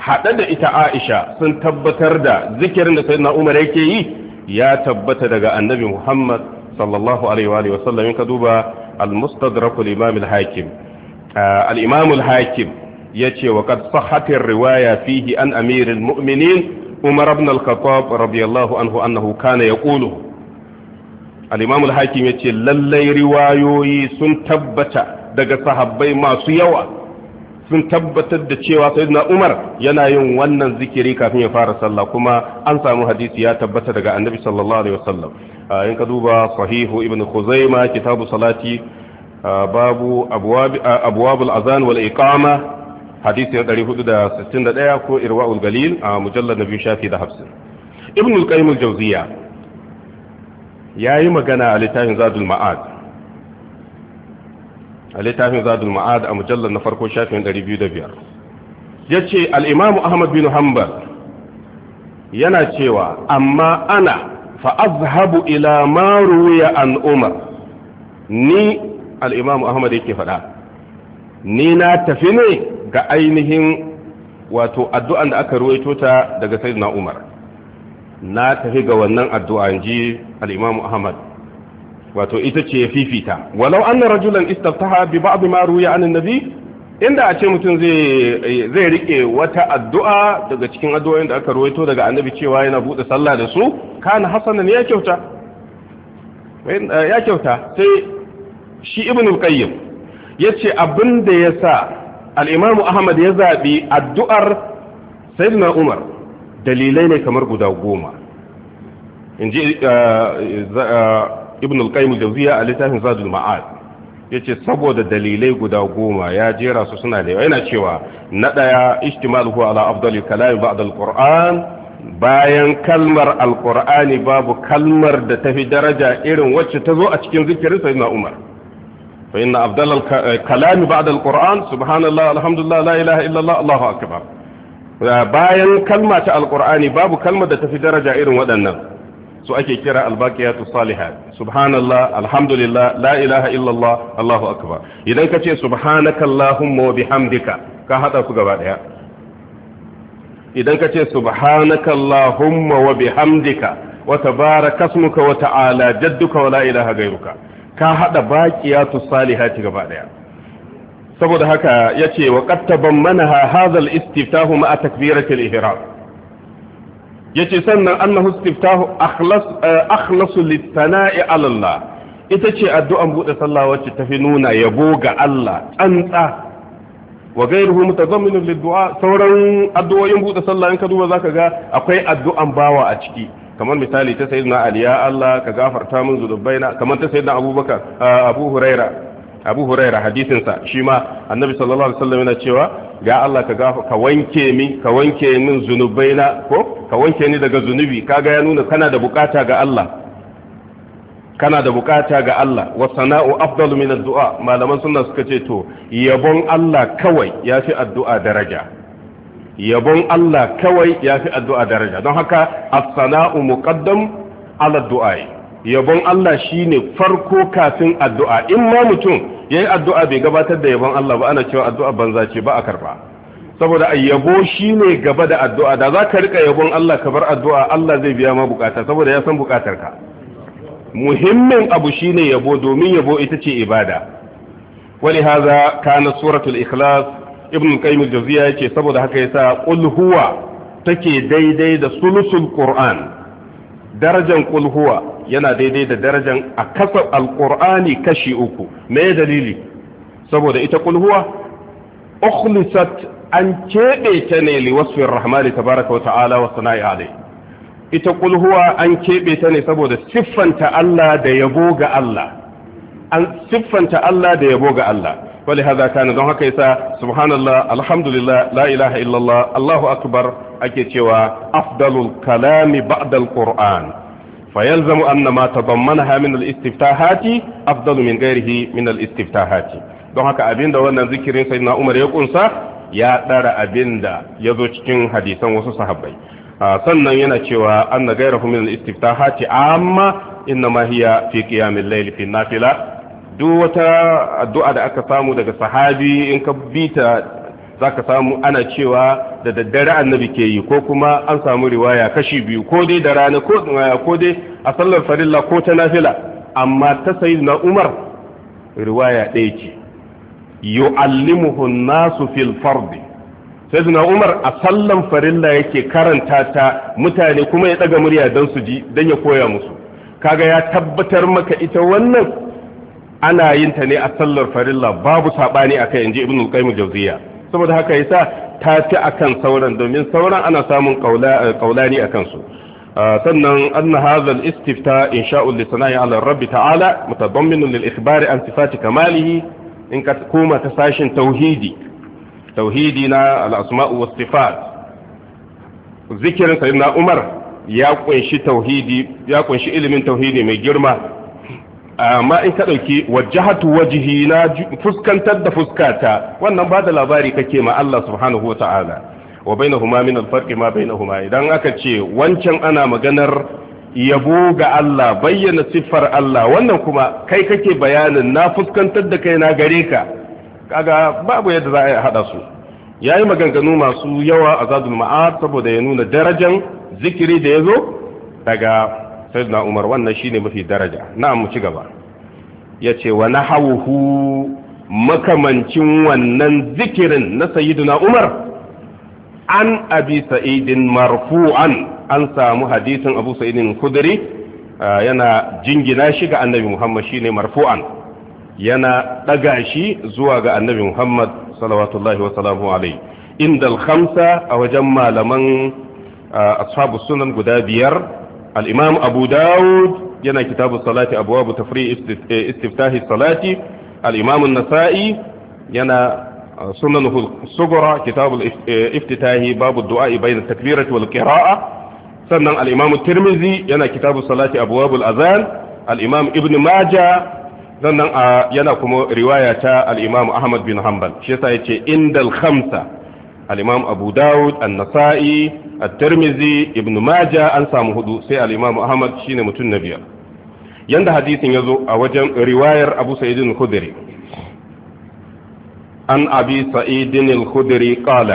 haɗe da ita Aisha sun tabbatar da zikirin da sayyidina Umar yake yi ya tabbata daga annabi Muhammad sallallahu alaihi wa sallam ka duba al-mustadrak al-imam al-hakim uh, al-imam al-hakim yace wa qad sahhat riwaya fihi an amir al-mu'minin Umar ibn al-Khattab radiyallahu anhu annahu kana yaqulu al-imam al-hakim yace lallai riwayoyi sun tabbata daga sahabbai masu yawa sun tabbatar da cewa sayyidina Umar yana yin wannan zikiri kafin ya fara sallah kuma an samu hadisi ya tabbata daga Annabi sallallahu alaihi wasallam ah, in ka duba sahihu ibn khuzaimah kitabu salati ah, babu abwab al-azan ah, wal iqama hadisi 461 ko irwaul galil a mujallad nabi shafi da hafsin ibn al-qayyim al-jawziya yayi magana a littafin zadul ma'ad a littafin zadul ma'ad a mujallar na farko shafin 205 ya ce al'imamu ahmad bin hanbal yana cewa amma ana fa'azhabu ila maru ya an umar ni al'imamu ahmad yake faɗa ni na tafi ne ga ainihin wato addu'an da aka ruwaito ta daga sai na umar na tafi ga wannan addu'an ji al'imamu ahmad wato ita ce ya fifita walau anna rajulan istaftaha bi bi ma ruya anin nabi inda a ce mutum zai zai rike wata addu'a daga cikin addu'o'in da aka ruwaito daga annabi cewa yana buɗe sallah da su kana ne ya kyauta ya kyauta sai shi ibnu qayyim yace abin da yasa al imam ahmad ya zaɓi addu'ar sayyidina umar dalilai ne kamar guda goma in ji eh, eh, ibn al-qayyim al-jawziya a littafin zadul ma'ad yace saboda dalilai guda goma ya jera su suna da yawa yana cewa na daya ijtimaluhu ala afdalil kalam ba'da al-qur'an bayan kalmar al-qur'ani babu kalmar da tafi daraja irin wacce ta zo a cikin zikirin sayyidina umar fa inna afdalal eh, kalam ba'da al-qur'an subhanallah alhamdulillah la ilaha illallah, allahu akbar bayan kalma ta al-qur'ani babu kalmar da tafi daraja irin waɗannan su ake kira albaqiyatu salihat subhanallah alhamdulillah la ilaha illallah allahu akbar idan ka ce subhanaka allahumma wa bihamdika ka hada su gaba daya idan ka ce subhanaka allahumma wa bihamdika wa tabaraka ismuka wa ta'ala jadduka wa la ilaha ghayruka ka hada baqiyatu salihati gaba daya saboda haka yace wa qattaban manaha hadha al-istiftahu ma'a takbiratil ihram yace sannan annahu istiftahu akhlas eh, akhlasu lit-tana'i ala Allah ita ce addu'an bude sallah wacce tafi nuna yabo ga Allah tsantsa wa ghayruhu mutazamminun dua sauran addu'o'in bude sallah in ka duba zaka ga akwai addu'an bawa a ciki kamar misali ta sayyidina Ali ya Allah ka gafarta min zulubaina kamar ta sayyidina Abubakar eh, Abu Huraira abu huraira hadisinsa shi ma annabi sallallahu alaihi wasallam yana cewa ya Allah ka ka wanke min ka wanke min zunubaina ko ka wanke ni daga zunubi kaga ya nuna kana da bukata ga Allah kana da bukata ga Allah wa sana'u afdalu min addu'a malaman sunna suka ce to yabon Allah kawai yafi addu'a daraja yabon Allah kawai yafi addu'a daraja don haka as-sana'u muqaddam ala yabon Allah shine farko kafin addu'a in ma mutum yayi addu'a bai gabatar da yabon Allah ba ana cewa addu'a banza ce ba a karba saboda yabo ne gaba da addu'a da za ka rika yabon Allah ka bar addu'a Allah zai biya ma bukata saboda ya san bukatarka muhimmin abu shine yabo domin yabo ita ce ibada wani haza kana suratul ikhlas ibn qayyim al-jawziya yace saboda haka yasa qul huwa take daidai da sulusul qur'an darajan qul huwa yana daidai da darajan akasa al kashi uku me dalili saboda ita qul huwa ukhlisat an keɓe ta ne liwasfin rahmani tabaraka wa ta'ala wa sana'i alai ita kulhuwa an keɓe ta ne saboda siffanta Allah da yabo ga Allah an siffanta Allah da yabo ga Allah wali haza kana don haka yasa subhanallah alhamdulillah la ilaha illallah allahu akbar ake cewa afdalul kalami ba'da alquran فيلزم أن ما تضمنها من الاستفتاحات أفضل من غيره من الاستفتاحات don haka abin da wannan zikirin sai na umar ya kunsa ya ɗara abin da ya zo cikin hadisan wasu sahabbai ah, sannan yana cewa an anna ghayrahu min al-istiftahati amma inna ma hiya fi qiyamil layl fi nafila duk wata addu'a da aka samu daga sahabi in ka bita zaka samu ana cewa da daddare annabi ke yi ko kuma an samu riwaya kashi biyu ko dai da rana ko eh, dai a sallar farilla ko ta nafila amma ta sayyidina Umar riwaya ɗaya ce yu'allimuhu nasu fil fardi da umar a sallan farilla yake karanta ta mutane kuma ya ɗaga murya dan su ji dan ya koya musu kaga ya tabbatar maka ita wannan ana yin ta ne a sallar farilla babu saɓani akai inji ibnu al-qayyim jawziya saboda haka yasa ta fi akan sauran domin sauran ana samun kaulani eh, akan su ah, sannan anna hadha al-istifta insha'u li sana'i ala rabbi ta'ala mutadamminun lil ikhbari an sifati kamalihi in ka koma ta sashin tauhidi tauhidi na al'asma'u was sifat zikirin sayyidina umar ya kunshi tauhidi ya kunshi ilimin tauhidi mai girma amma in ka ɗauki wajahatu wajhi na fuskantar da fuskata wannan ba da labari kake ma Allah subhanahu wata'ala wa bainahuma min al-farqi ma bainahuma idan aka ce wancan ana maganar yabo ga Allah bayyana siffar Allah wannan kuma kai kake bayanin na fuskantar da kai na gare ka kaga babu yadda za a hada su yayi maganganu masu yawa a zadul ma'ad saboda ya nuna darajan zikiri da yazo daga sayyidina Umar wannan shine mafi daraja na'am mu ci gaba yace wa nahawhu makamancin wannan zikirin na sayyidina Umar an abi sa'idin marfu'an an samu hadisin abu sa'idin kudiri uh, yana jingina shi ga annabi muhammad shine marfu'an yana daga shi zuwa ga annabi muhammad salawatullahi wa salamu alai inda khamsa a wajen malaman uh, ashabu sunan guda biyar al'imam abu dawud yana kitabu salati abuwa bu tafri eh, istiftahi salati al'imam nasa'i yana سننه الصغرى iftitahi babu باب الدعاء بين التكبيرة والقراءة سنن الإمام الترمذي ينا كتاب صلاة أبواب الأذان الإمام ابن ماجة sannan a yana kuma riwaya ta al’imam ahmad bin hanbal shi yasa ya ce inda al-khamsa al’imam abu dawud an-nasa’i ibn maja an samu hudu sai al’imam ahmad shine mutum na biyar yadda hadisin ya zo a wajen riwayar abu sa'idin Kudiri. عن أبي سعيد الخدري قال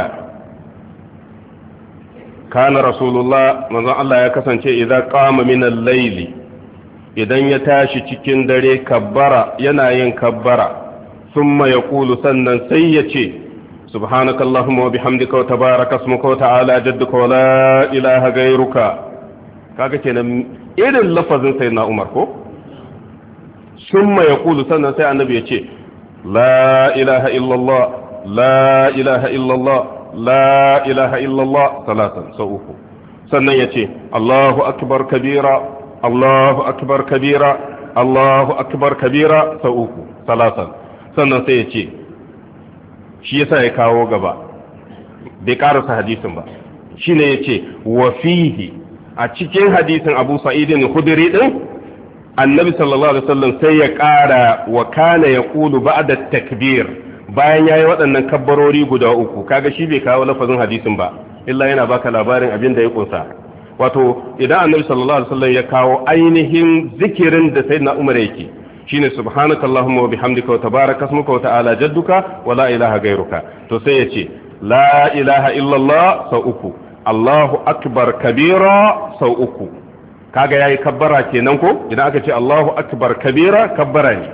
كان رسول الله مزا الله يكسن شيء إذا قام من الليل إذن يتاشي تكين دري كبرا يناين كبرا ثم يقول سنن سيتي سبحانك اللهم وبحمدك وتبارك اسمك وتعالى جدك ولا إله غيرك kaga kenan irin lafazin sai na umar ko summa ya kulu sannan sai annabi ya ce la ilaha illallah la illallah la illallah salatan sau uku sannan ya ce Allahu akbar kabira Allahu akbar kabira Allahu akbar kabira sau uku salatan sannan sai ya ce shi yasa ya kawo gaba bai karasa hadisin ba shine ya ce wa fihi a cikin hadisin Abu Sa'id al-Khudri annabi sallallahu alaihi wasallam sai ya ƙara wa kana ya ƙulu ba'da takbir bayan yayi waɗannan kabbarori guda uku kaga shi bai kawo lafazin hadisin ba illa yana baka labarin abin da ya kunsa wato idan annabi sallallahu alaihi wasallam ya kawo ainihin zikirin da sayyidina umar yake shine subhanaka wa bihamdika wa tabaraka ismuka wa ta'ala jadduka wa la ilaha ghairuka to sai ya ce la ilaha illallah sau uku allahu akbar kabira sau uku kaga yayi kabbara kenan ko idan aka ce Allahu akbar kabira kabbara ne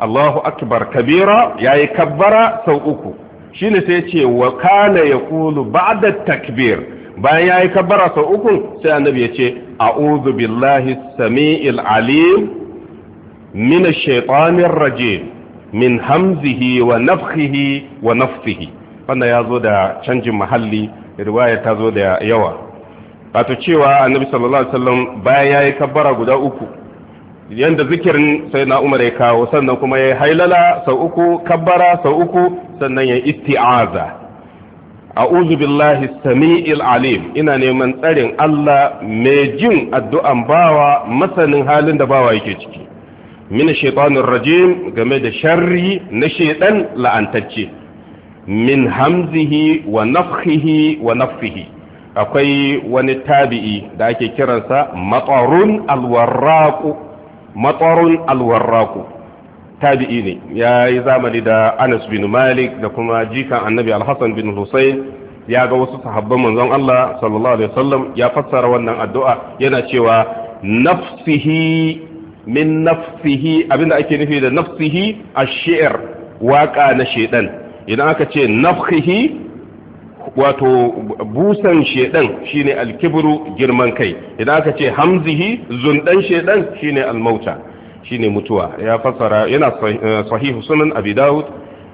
Allahu akbar kabira yayi kabbara sau uku shine sai ce wa kana yaqulu ba'da takbir bayan yayi kabbara sau uku sai annabi ya ce a'udhu billahi samiil alim min ash-shaytanir rajim min hamzihi wa nafkhihi wa nafthihi wannan ya zo da canjin muhalli, riwaya ta zo da yawa wato cewa annabi sallallahu alaihi wasallam bayan yayi kabbara guda uku yanda zikirin sai na umar ya kawo sannan kuma ya hailala sau uku kabbara sau uku sannan ya isti'aza a'udhu billahi samiil alim ina neman tsarin Allah mai jin addu'an bawa masanin halin da bawa yake ciki min shaitanir rajim game da sharri na shaitan la'antacce min hamzihi wa nafhihi wa nafhihi akwai wani tabi'i da ake kiransa matsarun alwarraku matsarun alwarraku tabi'i ne ya yi zamani da anas bin malik da kuma jikan annabi alhassan bin hussein ya ga wasu sahabban manzon Allah sallallahu alaihi wasallam ya fassara wannan addu'a yana cewa nafsihi min nafsihi abinda ake nufi da nafsihi ash-shi'r waka na shedan idan aka ce nafsihi wato busan shedan shine alkibru girman kai idan aka ce hamzihi zundan shedan shine almauta shine mutuwa ya fassara yana eh, sahihu sunan abi daud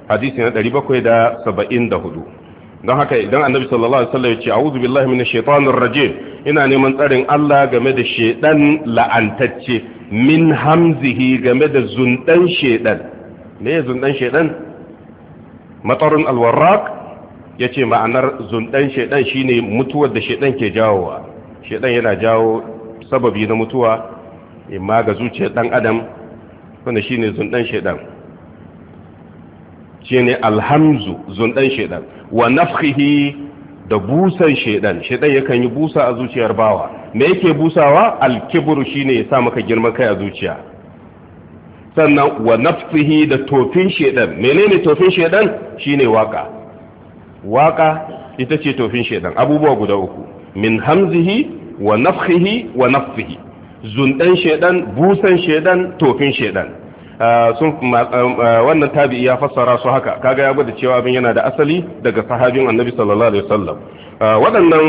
hadisi na 774 don haka idan annabi sallallahu alaihi wasallam ya ce a'udhu billahi minash shaitanir rajim ina neman tsarin Allah game da shedan la'antacce min hamzihi game da zundan shedan me zundan shedan matarun alwarraq ya ce ma'anar zunɗan shaidan shine mutuwar da shaidan ke jawowa shaidan yana jawo sababi na mutuwa imma ga zuciyar ɗan adam wanda shine zunɗan shaidan shine alhamzu zunɗan shaidan wa nafhihi da busan shaidan shaidan yakan yi busa a zuciyar bawa me yake busawa alkibru shine ya sa maka girman kai a zuciya sannan wa nafsihi da tofin shaidan menene tofin shaidan shine waka waka ita ce tofin shedan abubuwa guda uku min hamzihi wa nafhihi wa nafsihi zundan shedan busan shedan tofin shedan ah, sun ah, ah, wannan tabi'i ya fassara su haka kaga ya gwada cewa abin yana da asali daga sahabin annabi sallallahu alaihi wasallam waɗannan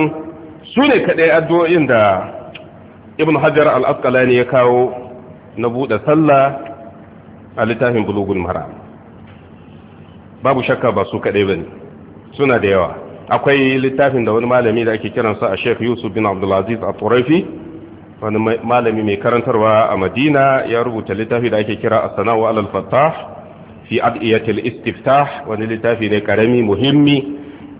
su ne kaɗai addu'o'in da ibn hajar al-asqalani ya kawo na buɗe sallah a littafin bulugul mara babu shakka ba su kaɗai bane suna da yawa akwai littafin da wani malami da ake kiransa a Sheikh Yusuf bin Abdulaziz a turaifi wani malami mai karantarwa a Madina ya rubuta littafi da ake kira As-Sana'u 'ala al-Fattah fi Adiyatil Istiftah wani littafi ne karami muhimmi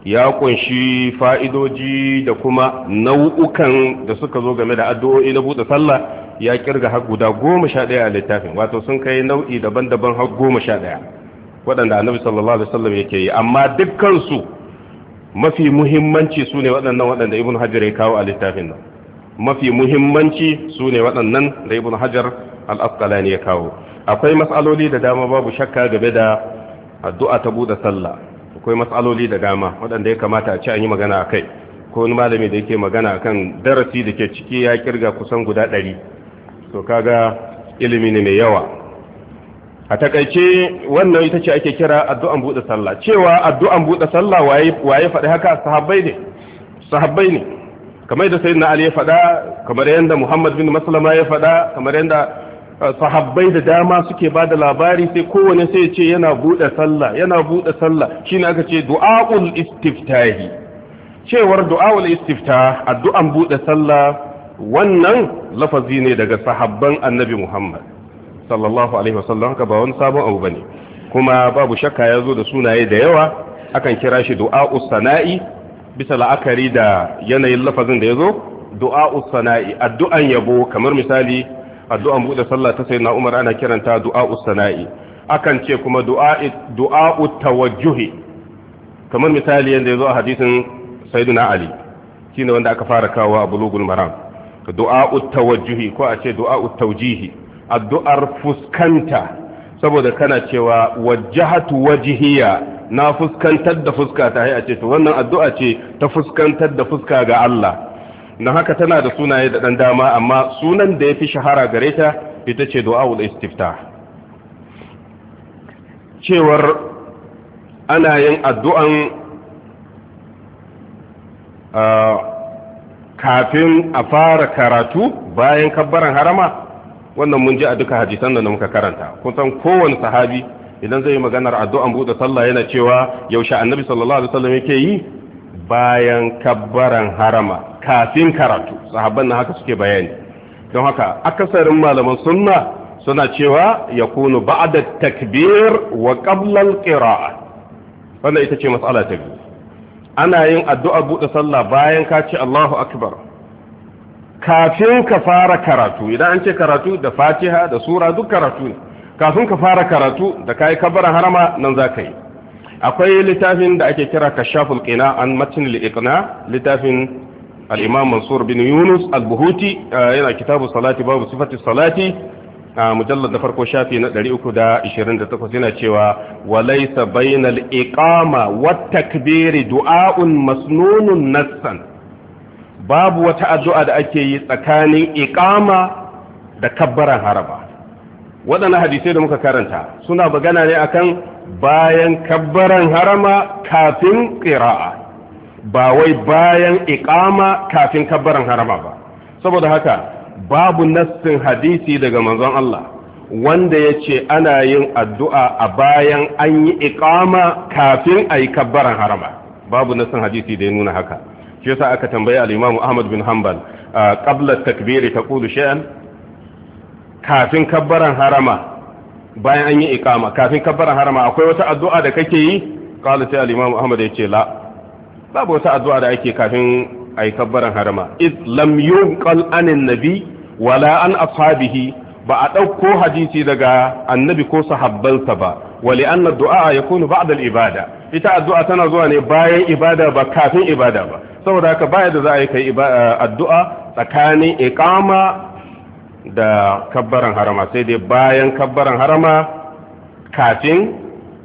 ya kunshi fa'idoji da kuma nau'ukan da suka zo game da addu'o'i na buɗe sallah ya kirga har guda goma sha ɗaya a littafin wato sun kai nau'i daban-daban har goma sha ɗaya waɗanda annabi sallallahu alaihi wasallam yake yi amma dukkan su mafi muhimmanci su ne waɗannan waɗanda ibn hajar ya kawo a littafin nan mafi muhimmanci su ne waɗannan da ibn hajar al-asqalani ya kawo akwai matsaloli da dama babu shakka game da addu'a ta buɗe sallah akwai matsaloli da dama waɗanda ya kamata a ci an yi magana a kai ko wani malami da yake magana akan darasi da ke ciki ya kirga kusan guda ɗari to kaga ilimi ne mai yawa a takaice wannan ita ce ake kira addu'an buɗe sallah cewa addu'an buɗe sallah waye faɗi haka sahabbai ne sahabbai ne kamar yadda sayyidina ali ya faɗa kamar yadda muhammad bin maslama ya faɗa kamar yadda uh, sahabbai da dama suke ba da labari sai kowane sai ce yana buɗe sallah yana buɗe sallah shine aka ce du'a'ul istiftahi cewar du'a'ul istiftah addu'an buɗe sallah wannan lafazi ne daga sahabban annabi muhammad sallallahu alaihi wasallam ka ba wani sabon abu bane kuma babu shakka ya zo da sunaye da yawa akan kira shi du'a'u sana'i bisa la'akari da yanayin lafazin da ya zo du'a'u sana'i addu'an yabo kamar misali addu'an buɗe sallah ta sayyidina Umar ana kiranta du'a'u sana'i akan ce kuma du'a'u tawajjuhi kamar misali yanda ya zo a hadisin sayyidina Ali shine wanda aka fara kawo a bulugul maram du'a'u tawajjuhi ko a ce du'a'u tawjihi addu'ar fuskanta saboda kana cewa wajjahatu wajihiya na fuskantar da fuska ta a ce wannan addu'a ce ta fuskantar da fuska ga Allah na haka tana da sunaye da ɗan dama amma sunan da ya fi shahara gare ta ita ce du'aul istifta cewar ana yin addu'an ah, kafin a fara karatu bayan kabbaran harama wannan mun ji a duka hadisan da muka karanta kusan kowane sahabi idan zai yi maganar addu'an buɗe sallah yana cewa yaushe annabi sallallahu alaihi wasallam yake yi bayan kabbaran harama kafin karatu sahabban na haka suke bayani don haka akasarin malaman sunna suna cewa ya kunu ba'da takbir wa qabla al-qira'a wannan ita ce mas'ala ta biyu ana yin addu'a buɗe sallah bayan ka ce Allahu akbar kafin ka fara karatu idan an ce karatu da fatiha da sura duk karatu ne kafin ka fara karatu da kayi kabara harama nan za ka yi akwai littafin da ake kira kashaful qina an matin al iqna littafin al-imam mansur bin yunus al-buhuti eh, yana kitabu salati babu sifati salati Mujallar da farko shafi na 328 yana cewa walaysa bainal iqama wat takbiri du'a'un masnunun nassan babu wata addu'a da ake yi tsakanin iqama da kabbaran haraba waɗannan hadisai da muka karanta suna magana ne akan bayan kabbaran harama kafin ƙira'a ba wai bayan iqama kafin kabbaran harama ba saboda haka babu nassin hadisi daga manzon Allah wanda ya ce ana yin addu'a a bayan an yi iqama kafin a yi kabbaran harama babu nassin hadisi da ya nuna haka shi yasa aka tambaye al-Imam Ahmad bin Hanbal ah, qabla takbiri takbir taqulu shay'an kafin kabbaran harama bayan an yi iqama kafin kabbaran harama akwai wata addu'a da kake yi qala sai al-Imam Ahmad yace la babu wata addu'a da ake kafin ayi kabbaran harama iz lam yunqal anin nabi wala an ashabihi ba a ɗauko hadisi daga annabi ko sahabbansa ba wali anna du'a ya kunu ba'da ibada ita addu'a tana zuwa ne bayan ibada ba kafin ibada ba saboda haka baya da za a yi ka yi eh, addu'a tsakanin ikama da kabbaran harama sai dai bayan kabbaran harama kafin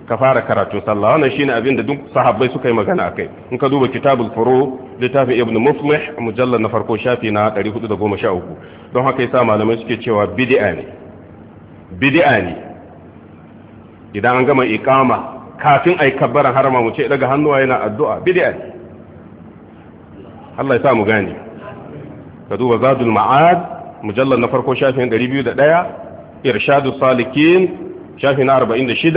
ka fara karatu sallah wannan shine abin da duk sahabbai suka yi magana a kai in ka duba kitabul furu littafin ibn muflih mujallar na farko shafi na 413 don haka yasa malamai suke cewa bid'a ne bid'a ne idan an gama iqama kafin a ai kabbaran harama mu ce daga hannuwa yana addu'a bid'a ne Allah ya sa mu gane ka duba zadul ma'ad mujallar na farko shafin 201 irshadu salikin shafi na 46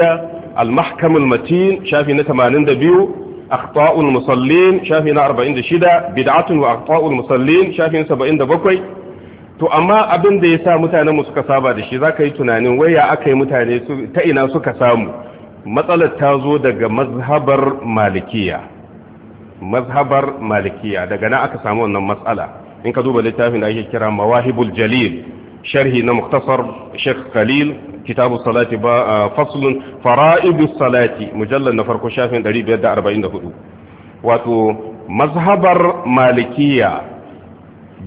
al-mahkamul matin shafi na 82 akhta'ul musallin shafi na 46 bid'atun wa akhta'ul musallin shafi na 77 to amma abin da ya sa mutanen mu suka saba da shi za ka yi tunanin waya aka yi mutane ta ina suka samu matsalar ta zo daga mazhabar malikiya mazhabar malikiya daga nan aka samu wannan matsala in ka duba littafin da ake kira mawahibul jalil sharhi na muktasar sheikh khalil kitabu salati ba faslun fara'idus salati mujallal na farko shafin 544 wato mazhabar malikiya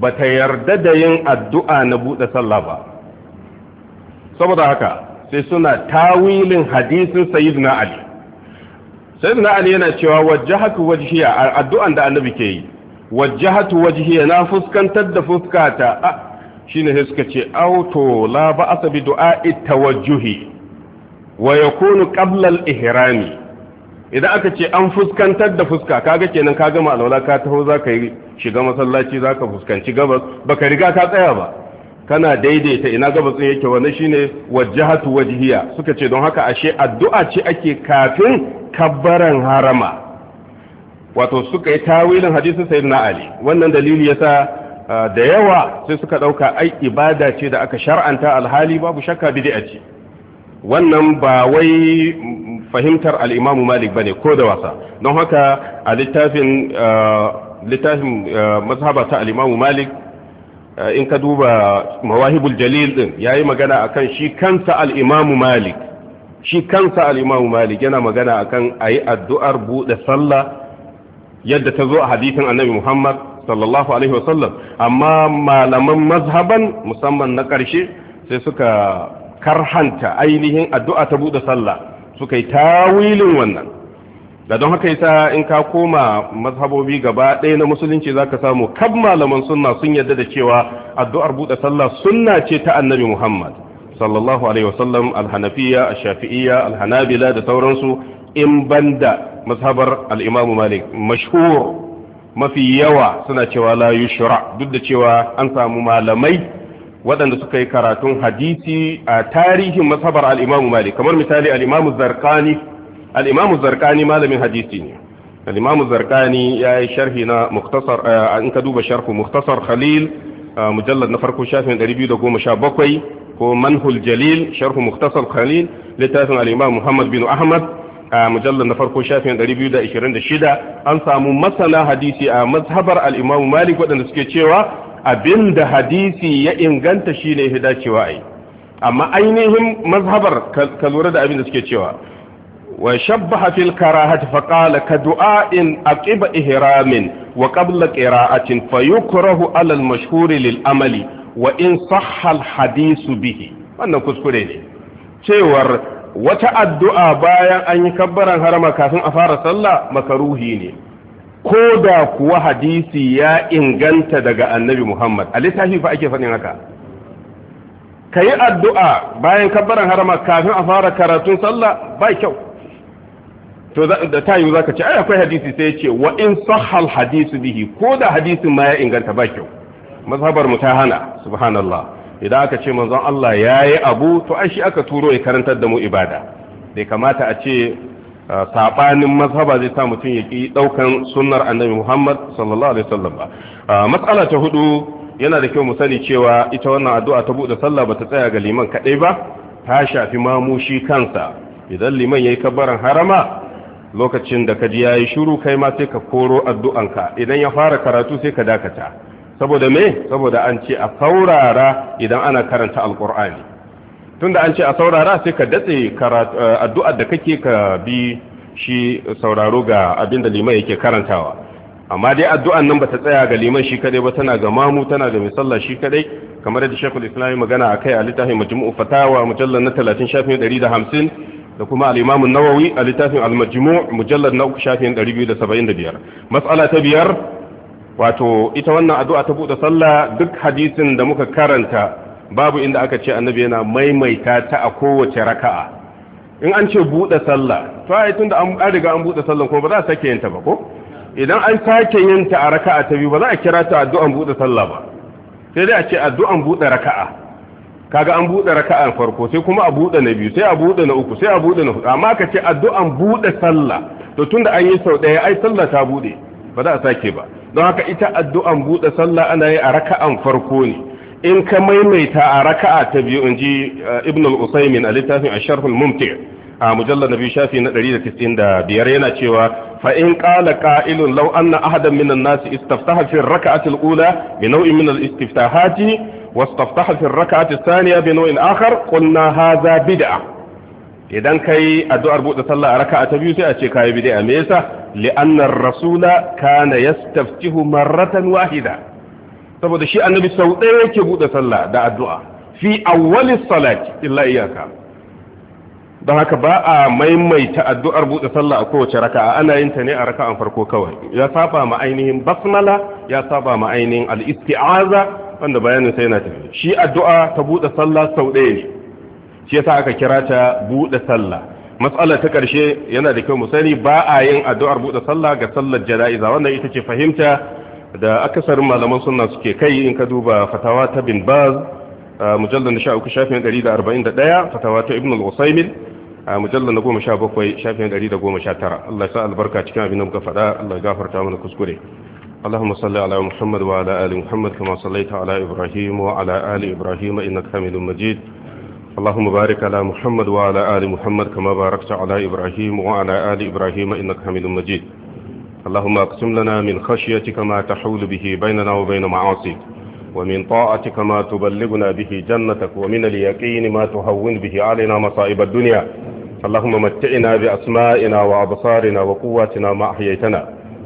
bata yarda da yin addu'a na buɗe sallah ba saboda haka sai suna tawilin hadisin sayyidina ali sai na ali yana cewa wajjahatu wajhiya addu'an da annabi ke yi wajjahatu wajhiya na fuskantar da fuskata a shine sai suka ce auto la ba'asa bi du'a'i tawajjuhi wa yakunu qabla al-ihrami idan aka ce an fuskantar da fuska kaga kenan ka gama alwala ka taho zaka yi shiga masallaci zaka fuskanci gabas baka riga ka tsaya ba kana daidaita ina gabatsin yake wani shine wajhatu wajhiya suka ce don haka ashe addu'a ce ake kafin kabbaran harama wato suka yi tawilin hadisin sayyidina ali wannan dalili yasa da yawa sai suka dauka ai ibada ce da aka shar'anta alhali babu shakka bid'a ce wannan ba wai fahimtar al-imam malik bane ko da wasa don haka a littafin littafin mazhabata al-imam malik Eh, in ka duba mawahibul jalil din yayi magana akan shi kansa al-imam malik shi kansa al-imam malik yana magana akan ayi addu'ar bude sallah yadda ta zo a hadisin annabi muhammad sallallahu alaihi wasallam amma malaman mazhaban musamman na karshe sai suka karhanta ainihin addu'a ta bude sallah suka yi tawilin wannan da don haka yasa in ka koma mazhabobi gaba ɗaya na musulunci zaka samu kab malaman sunna sun yarda da cewa addu'ar buɗe sallah sunna ce ta annabi Muhammad sallallahu alaihi wasallam al-hanafiya hanabila da sauransu in banda mazhabar al Malik mashhur mafi yawa suna cewa la yushra duk da cewa an samu malamai waɗanda suka yi karatun hadisi a tarihin mazhabar al'imamu malik kamar misali al'imamu zarkani al-imamu malamin hadisi ne al ya yi sharhi na muktasar an eh, ka duba sharhu muktasar khalil eh, mujallad na farko shafin 217 ko manhul jalil sharhu muktasar khalil littafin al-imam muhammad bin ahmad eh, mujallad na farko shafin 226 an samu masana hadisi a mazhabar al-imam malik waɗanda suke cewa abinda hadisi ya inganta shine hidacewa ai amma ainihin mazhabar ka lura da abinda da cewa wa shabbaha fil karahati fa qala ka du'ain aqiba ihramin wa qabla qira'atin fa yukrahu ala al lil amali wa in sahha al bihi wannan kuskure ne cewar wata addu'a bayan an yi kabbaran harama kafin a fara sallah makaruhi ne ko da kuwa hadisi ya inganta daga annabi Muhammad a littafi fa ake faɗin haka ka yi addu'a bayan kabbaran harama kafin a fara karatun sallah ba kyau to da ta yiwu zaka ce ai akwai hadisi sai ya ce wa in sahal hadisu bihi ko da hadisin ma ya inganta ba kyau mazhabar mu ta hana subhanallah idan aka ce manzon Allah yayi abu to ai shi aka turo ya karantar da mu ibada bai kamata a ce uh, sabanin mazhaba zai sa mutum ya ki daukan sunnar annabi Muhammad sallallahu alaihi wasallam ba uh, matsala ta hudu yana da kyau mu sani cewa ita wannan addu'a ta bude sallah bata tsaya ga liman kadai ba ta shafi mamushi kansa idan liman yayi kabbaran harama lokacin da ka ji ya yi shuru kai ma sai ka koro addu'anka idan ya fara karatu sai ka dakata saboda me saboda an ce a saurara idan ana karanta alqur'ani tunda an ce a saurara sai ka datse eh, addu'ar da kake ka bi shi sauraro ga abin da liman yake karantawa amma dai addu'an nan ba ta tsaya ga liman shi kadai ba tana ga mamu tana ga misalla shi kadai kamar da shekul islami magana a kai a littafin majmu'u fatawa mujallar na 30 shafin 150 da kuma al-Imam an-Nawawi a littafin al-Majmu' mujallad na uku shafin 275 mas'ala ta biyar wato ita wannan addu'a ta bude sallah duk hadisin da muka karanta babu inda aka ce annabi yana maimaita ta a kowace raka'a in an ce bude sallah to ai tunda an riga an bude sallah kuma ba za a sake yin ta ba ko idan an sake yin ta a raka'a ta biyu ba za a kira ta addu'an bude sallah ba sai dai a ce addu'an bude raka'a kaga an buɗe raka'an farko sai kuma a buɗe na biyu sai a buɗe na uku sai a buɗe na hudu amma ka ce addu'an buɗe sallah to tunda an yi sau ɗaya ai sallah ta buɗe ba za a sake ba don haka ita addu'an buɗe sallah ana yi a raka'an farko ne in ka maimaita a raka'a ta biyu in ji eh, ibn al-usaymin a littafin asharh al-mumti a mujallar nabi shafi na biyar yana cewa fa in qala qa'ilun law na ahadan minan nasi istaftaha fi ar ula bi nau'in min al-istiftahati wastaftaha fi rak'ati thaniya bi naw'in akhar qulna hadha idan kai addu'ar bude sallah a raka'a ta biyu sai a ce kai bid'a me yasa li'anna ar-rasula kana yastaftihu marratan wahida saboda shi annabi sau ɗaya yake bude sallah da addu'a fi awwalis salati illa iyaka. dan haka ba a maimaita addu'ar buɗe sallah a kowace raka'a ana yin ta ne a raka'an farko kawai ya saba ma ainihin basmala ya saba ma ainihin al-isti'aza wanda bayanin sai yana tafi shi addu'a ta buɗe sallah sau ɗaya ne shi yasa aka kira ta buɗe sallah matsalar ta ƙarshe yana da kyau mu sani ba a yin addu'ar buɗe sallah ga sallar jana'iza wannan ita ce fahimta da akasarin malaman sunna suke kai in ka duba fatawa ta bin baz mujallar na sha uku shafin ɗari da arba'in da ɗaya fatawa ta ibn al-usaimin a mujallar na goma sha bakwai shafin ɗari da goma sha tara allah ya sa albarka cikin abin da muka faɗa allah ya gafarta mana kuskure اللهم صل على محمد وعلى آل محمد كما صليت على إبراهيم وعلى آل إبراهيم إنك حميد مجيد اللهم بارك على محمد وعلى آل محمد كما باركت على إبراهيم وعلى آل إبراهيم إنك حميد مجيد اللهم اقسم لنا من خشيتك ما تحول به بيننا وبين معاصيك ومن طاعتك ما تبلغنا به جنتك ومن اليقين ما تهون به علينا مصائب الدنيا اللهم متعنا بأسمائنا وأبصارنا وقواتنا ما أحييتنا